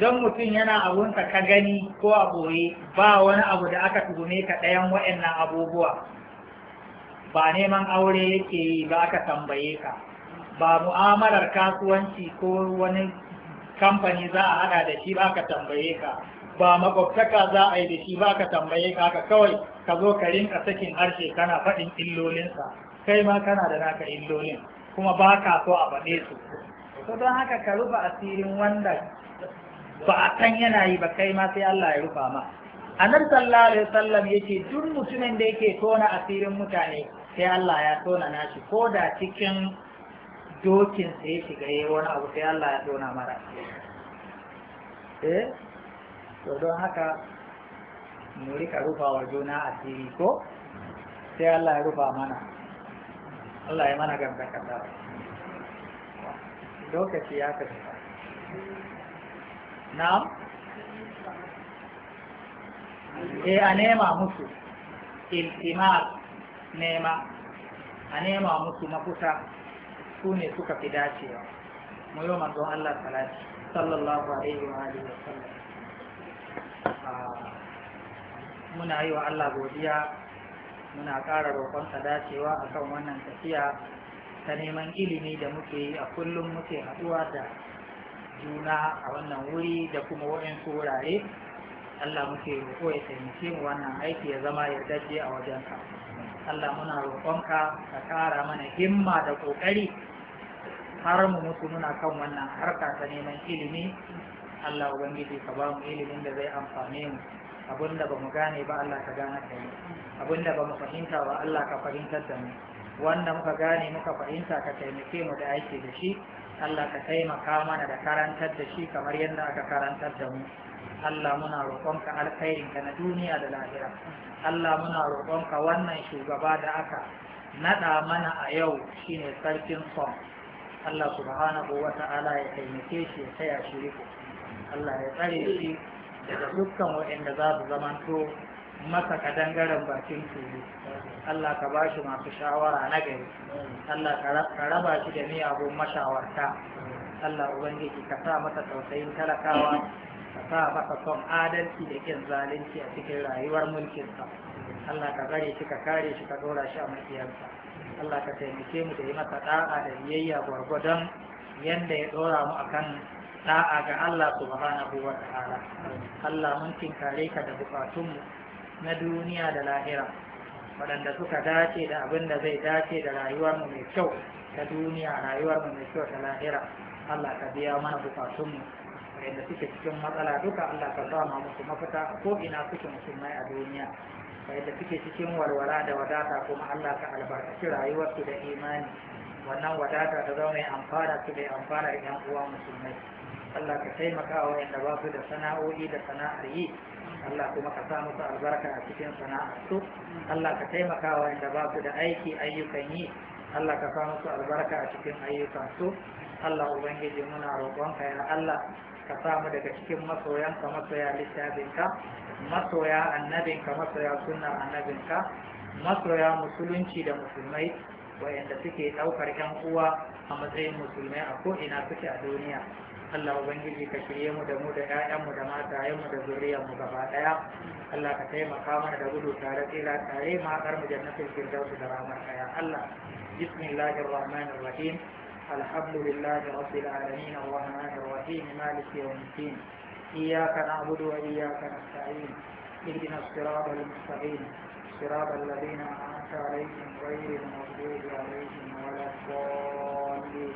don mutum yana abunsa ka gani ko a ɓoye ba wani abu da aka tuhume ka ɗayan waɗannan abubuwa ba neman aure yake yi ba aka tambaye ka ba mu'amalar kasuwanci ko wani kamfani za a hada da shi ba aka tambaye ka ba makwabtaka za a yi da shi ba ka tambaye ka kawai ka zo ka rinka sakin harshe kana faɗin illolinsa kai ma kana da naka illolin kuma ba ka so a faɗe su to don haka ka rufe asirin wanda ba a kan yana yi ba kai ma sai Allah ya rufa ma annabi sallallahu alaihi wasallam yace duk mutumin da yake tona asirin mutane sai Allah ya tona nashi ko da cikin dokin sa ya shiga yayi wani abu sai Allah ya tona mara eh to don haka mu rika rufa wa juna asiri ko sai Allah ya rufa mana Allah ya mana gamda lokaci ya tafi na e eh, a nema musu iltimas nema a nema musu mafuta su ne suka fi dacewa mu yi wa manzon Allah salati sallallahu alaihi wa alihi wa ah, muna yi wa Allah godiya muna ƙara roƙonsa dacewa a kan wannan tafiya ta neman ilimi da muke yi a kullum muke haɗuwa da juna a wannan wuri da kuma waɗansu wurare Allah muke roƙo ya taimake mu wannan aiki ya zama yardajje a wajenka Allah muna roƙonka ka ƙara mana himma da ƙoƙari har mu mutu muna kan wannan harka ta neman ilimi Allah Ubangiji ka ba mu ilimin da zai amfane mu abinda da ba mu gane ba Allah ka gane da mu abinda ba mu fahimta ba Allah ka fahimtar da mu wanda muka gane muka fahimta ka taimake mu da aiki da shi Allah ka taimaka mana da karantar da shi kamar yadda aka karantar da mu Allah muna roƙonka alkhairinka na duniya da lahira Allah muna roƙonka wannan shugaba da aka naɗa mana a yau shine sarkin son Allah subhanahu wa ta'ala ya taimake shi ya taya shi riko Allah ya tsare shi daga dukkan waɗanda za su zamanto masa kadangaren bakin tulu Allah ka bashi masu shawara na gari Allah ka raba shi da miyagun mashawarta Allah ubangiji ka sa masa tausayin talakawa ka sa masa son adalci da kin zalunci a cikin rayuwar mulkinsa Allah ka gare shi ka kare shi ka dora shi a makiyarsa Allah ka taimake mu da yi masa da'a da biyayya gwargwadon yanda ya dora mu akan da'a ga Allah subhanahu wa ta'ala Allah mun tinkare ka da bukatunmu na duniya da lahira waɗanda suka dace da abin da zai dace da rayuwarmu mai kyau ta duniya rayuwarmu mai kyau ta lahira Allah ka biya mana bukatunmu waɗanda suke cikin matsala duka Allah ka sama musu mafita ko ina suke musulmai a duniya waɗanda suke cikin walwala da wadata kuma Allah ka albarkaci rayuwarsu da imani wannan wadata ta zama mai amfana su mai amfana 'yan uwa musulmai Allah ka taimaka wa waɗanda ba su da sana'o'i da sana'ar yi Allah kuma ka sa su albarka a cikin sana'arsu Allah ka taimaka wa inda ba su da aiki ayyukan yi Allah ka sa musu albarka a cikin Su Allah ubangiji muna roƙonka ya Allah ka samu daga cikin masoyanka masoya littafinka masoya annabinka masoya sunnar annabinka masoya musulunci da musulmai wayanda suke ɗaukar 'yan uwa a matsayin musulmai a ko'ina suke a duniya Allah ubangiji ka shirye mu da mu da ƴaƴanmu da matayenmu da zuriyarmu gaba ɗaya Allah ka taimaka mana da gudu tare tsira tare ma har mu jannatin firdausu da rahmar ya Allah bismillahir rahmanir rahim alhamdulillahi rabbil alamin arrahmanir rahim maliki yawmiddin iyyaka na'budu wa iyyaka nasta'in اهدنا الصراط المستقيم صراط الذين أنعمت عليهم غير المغضوب عليهم ولا الضالين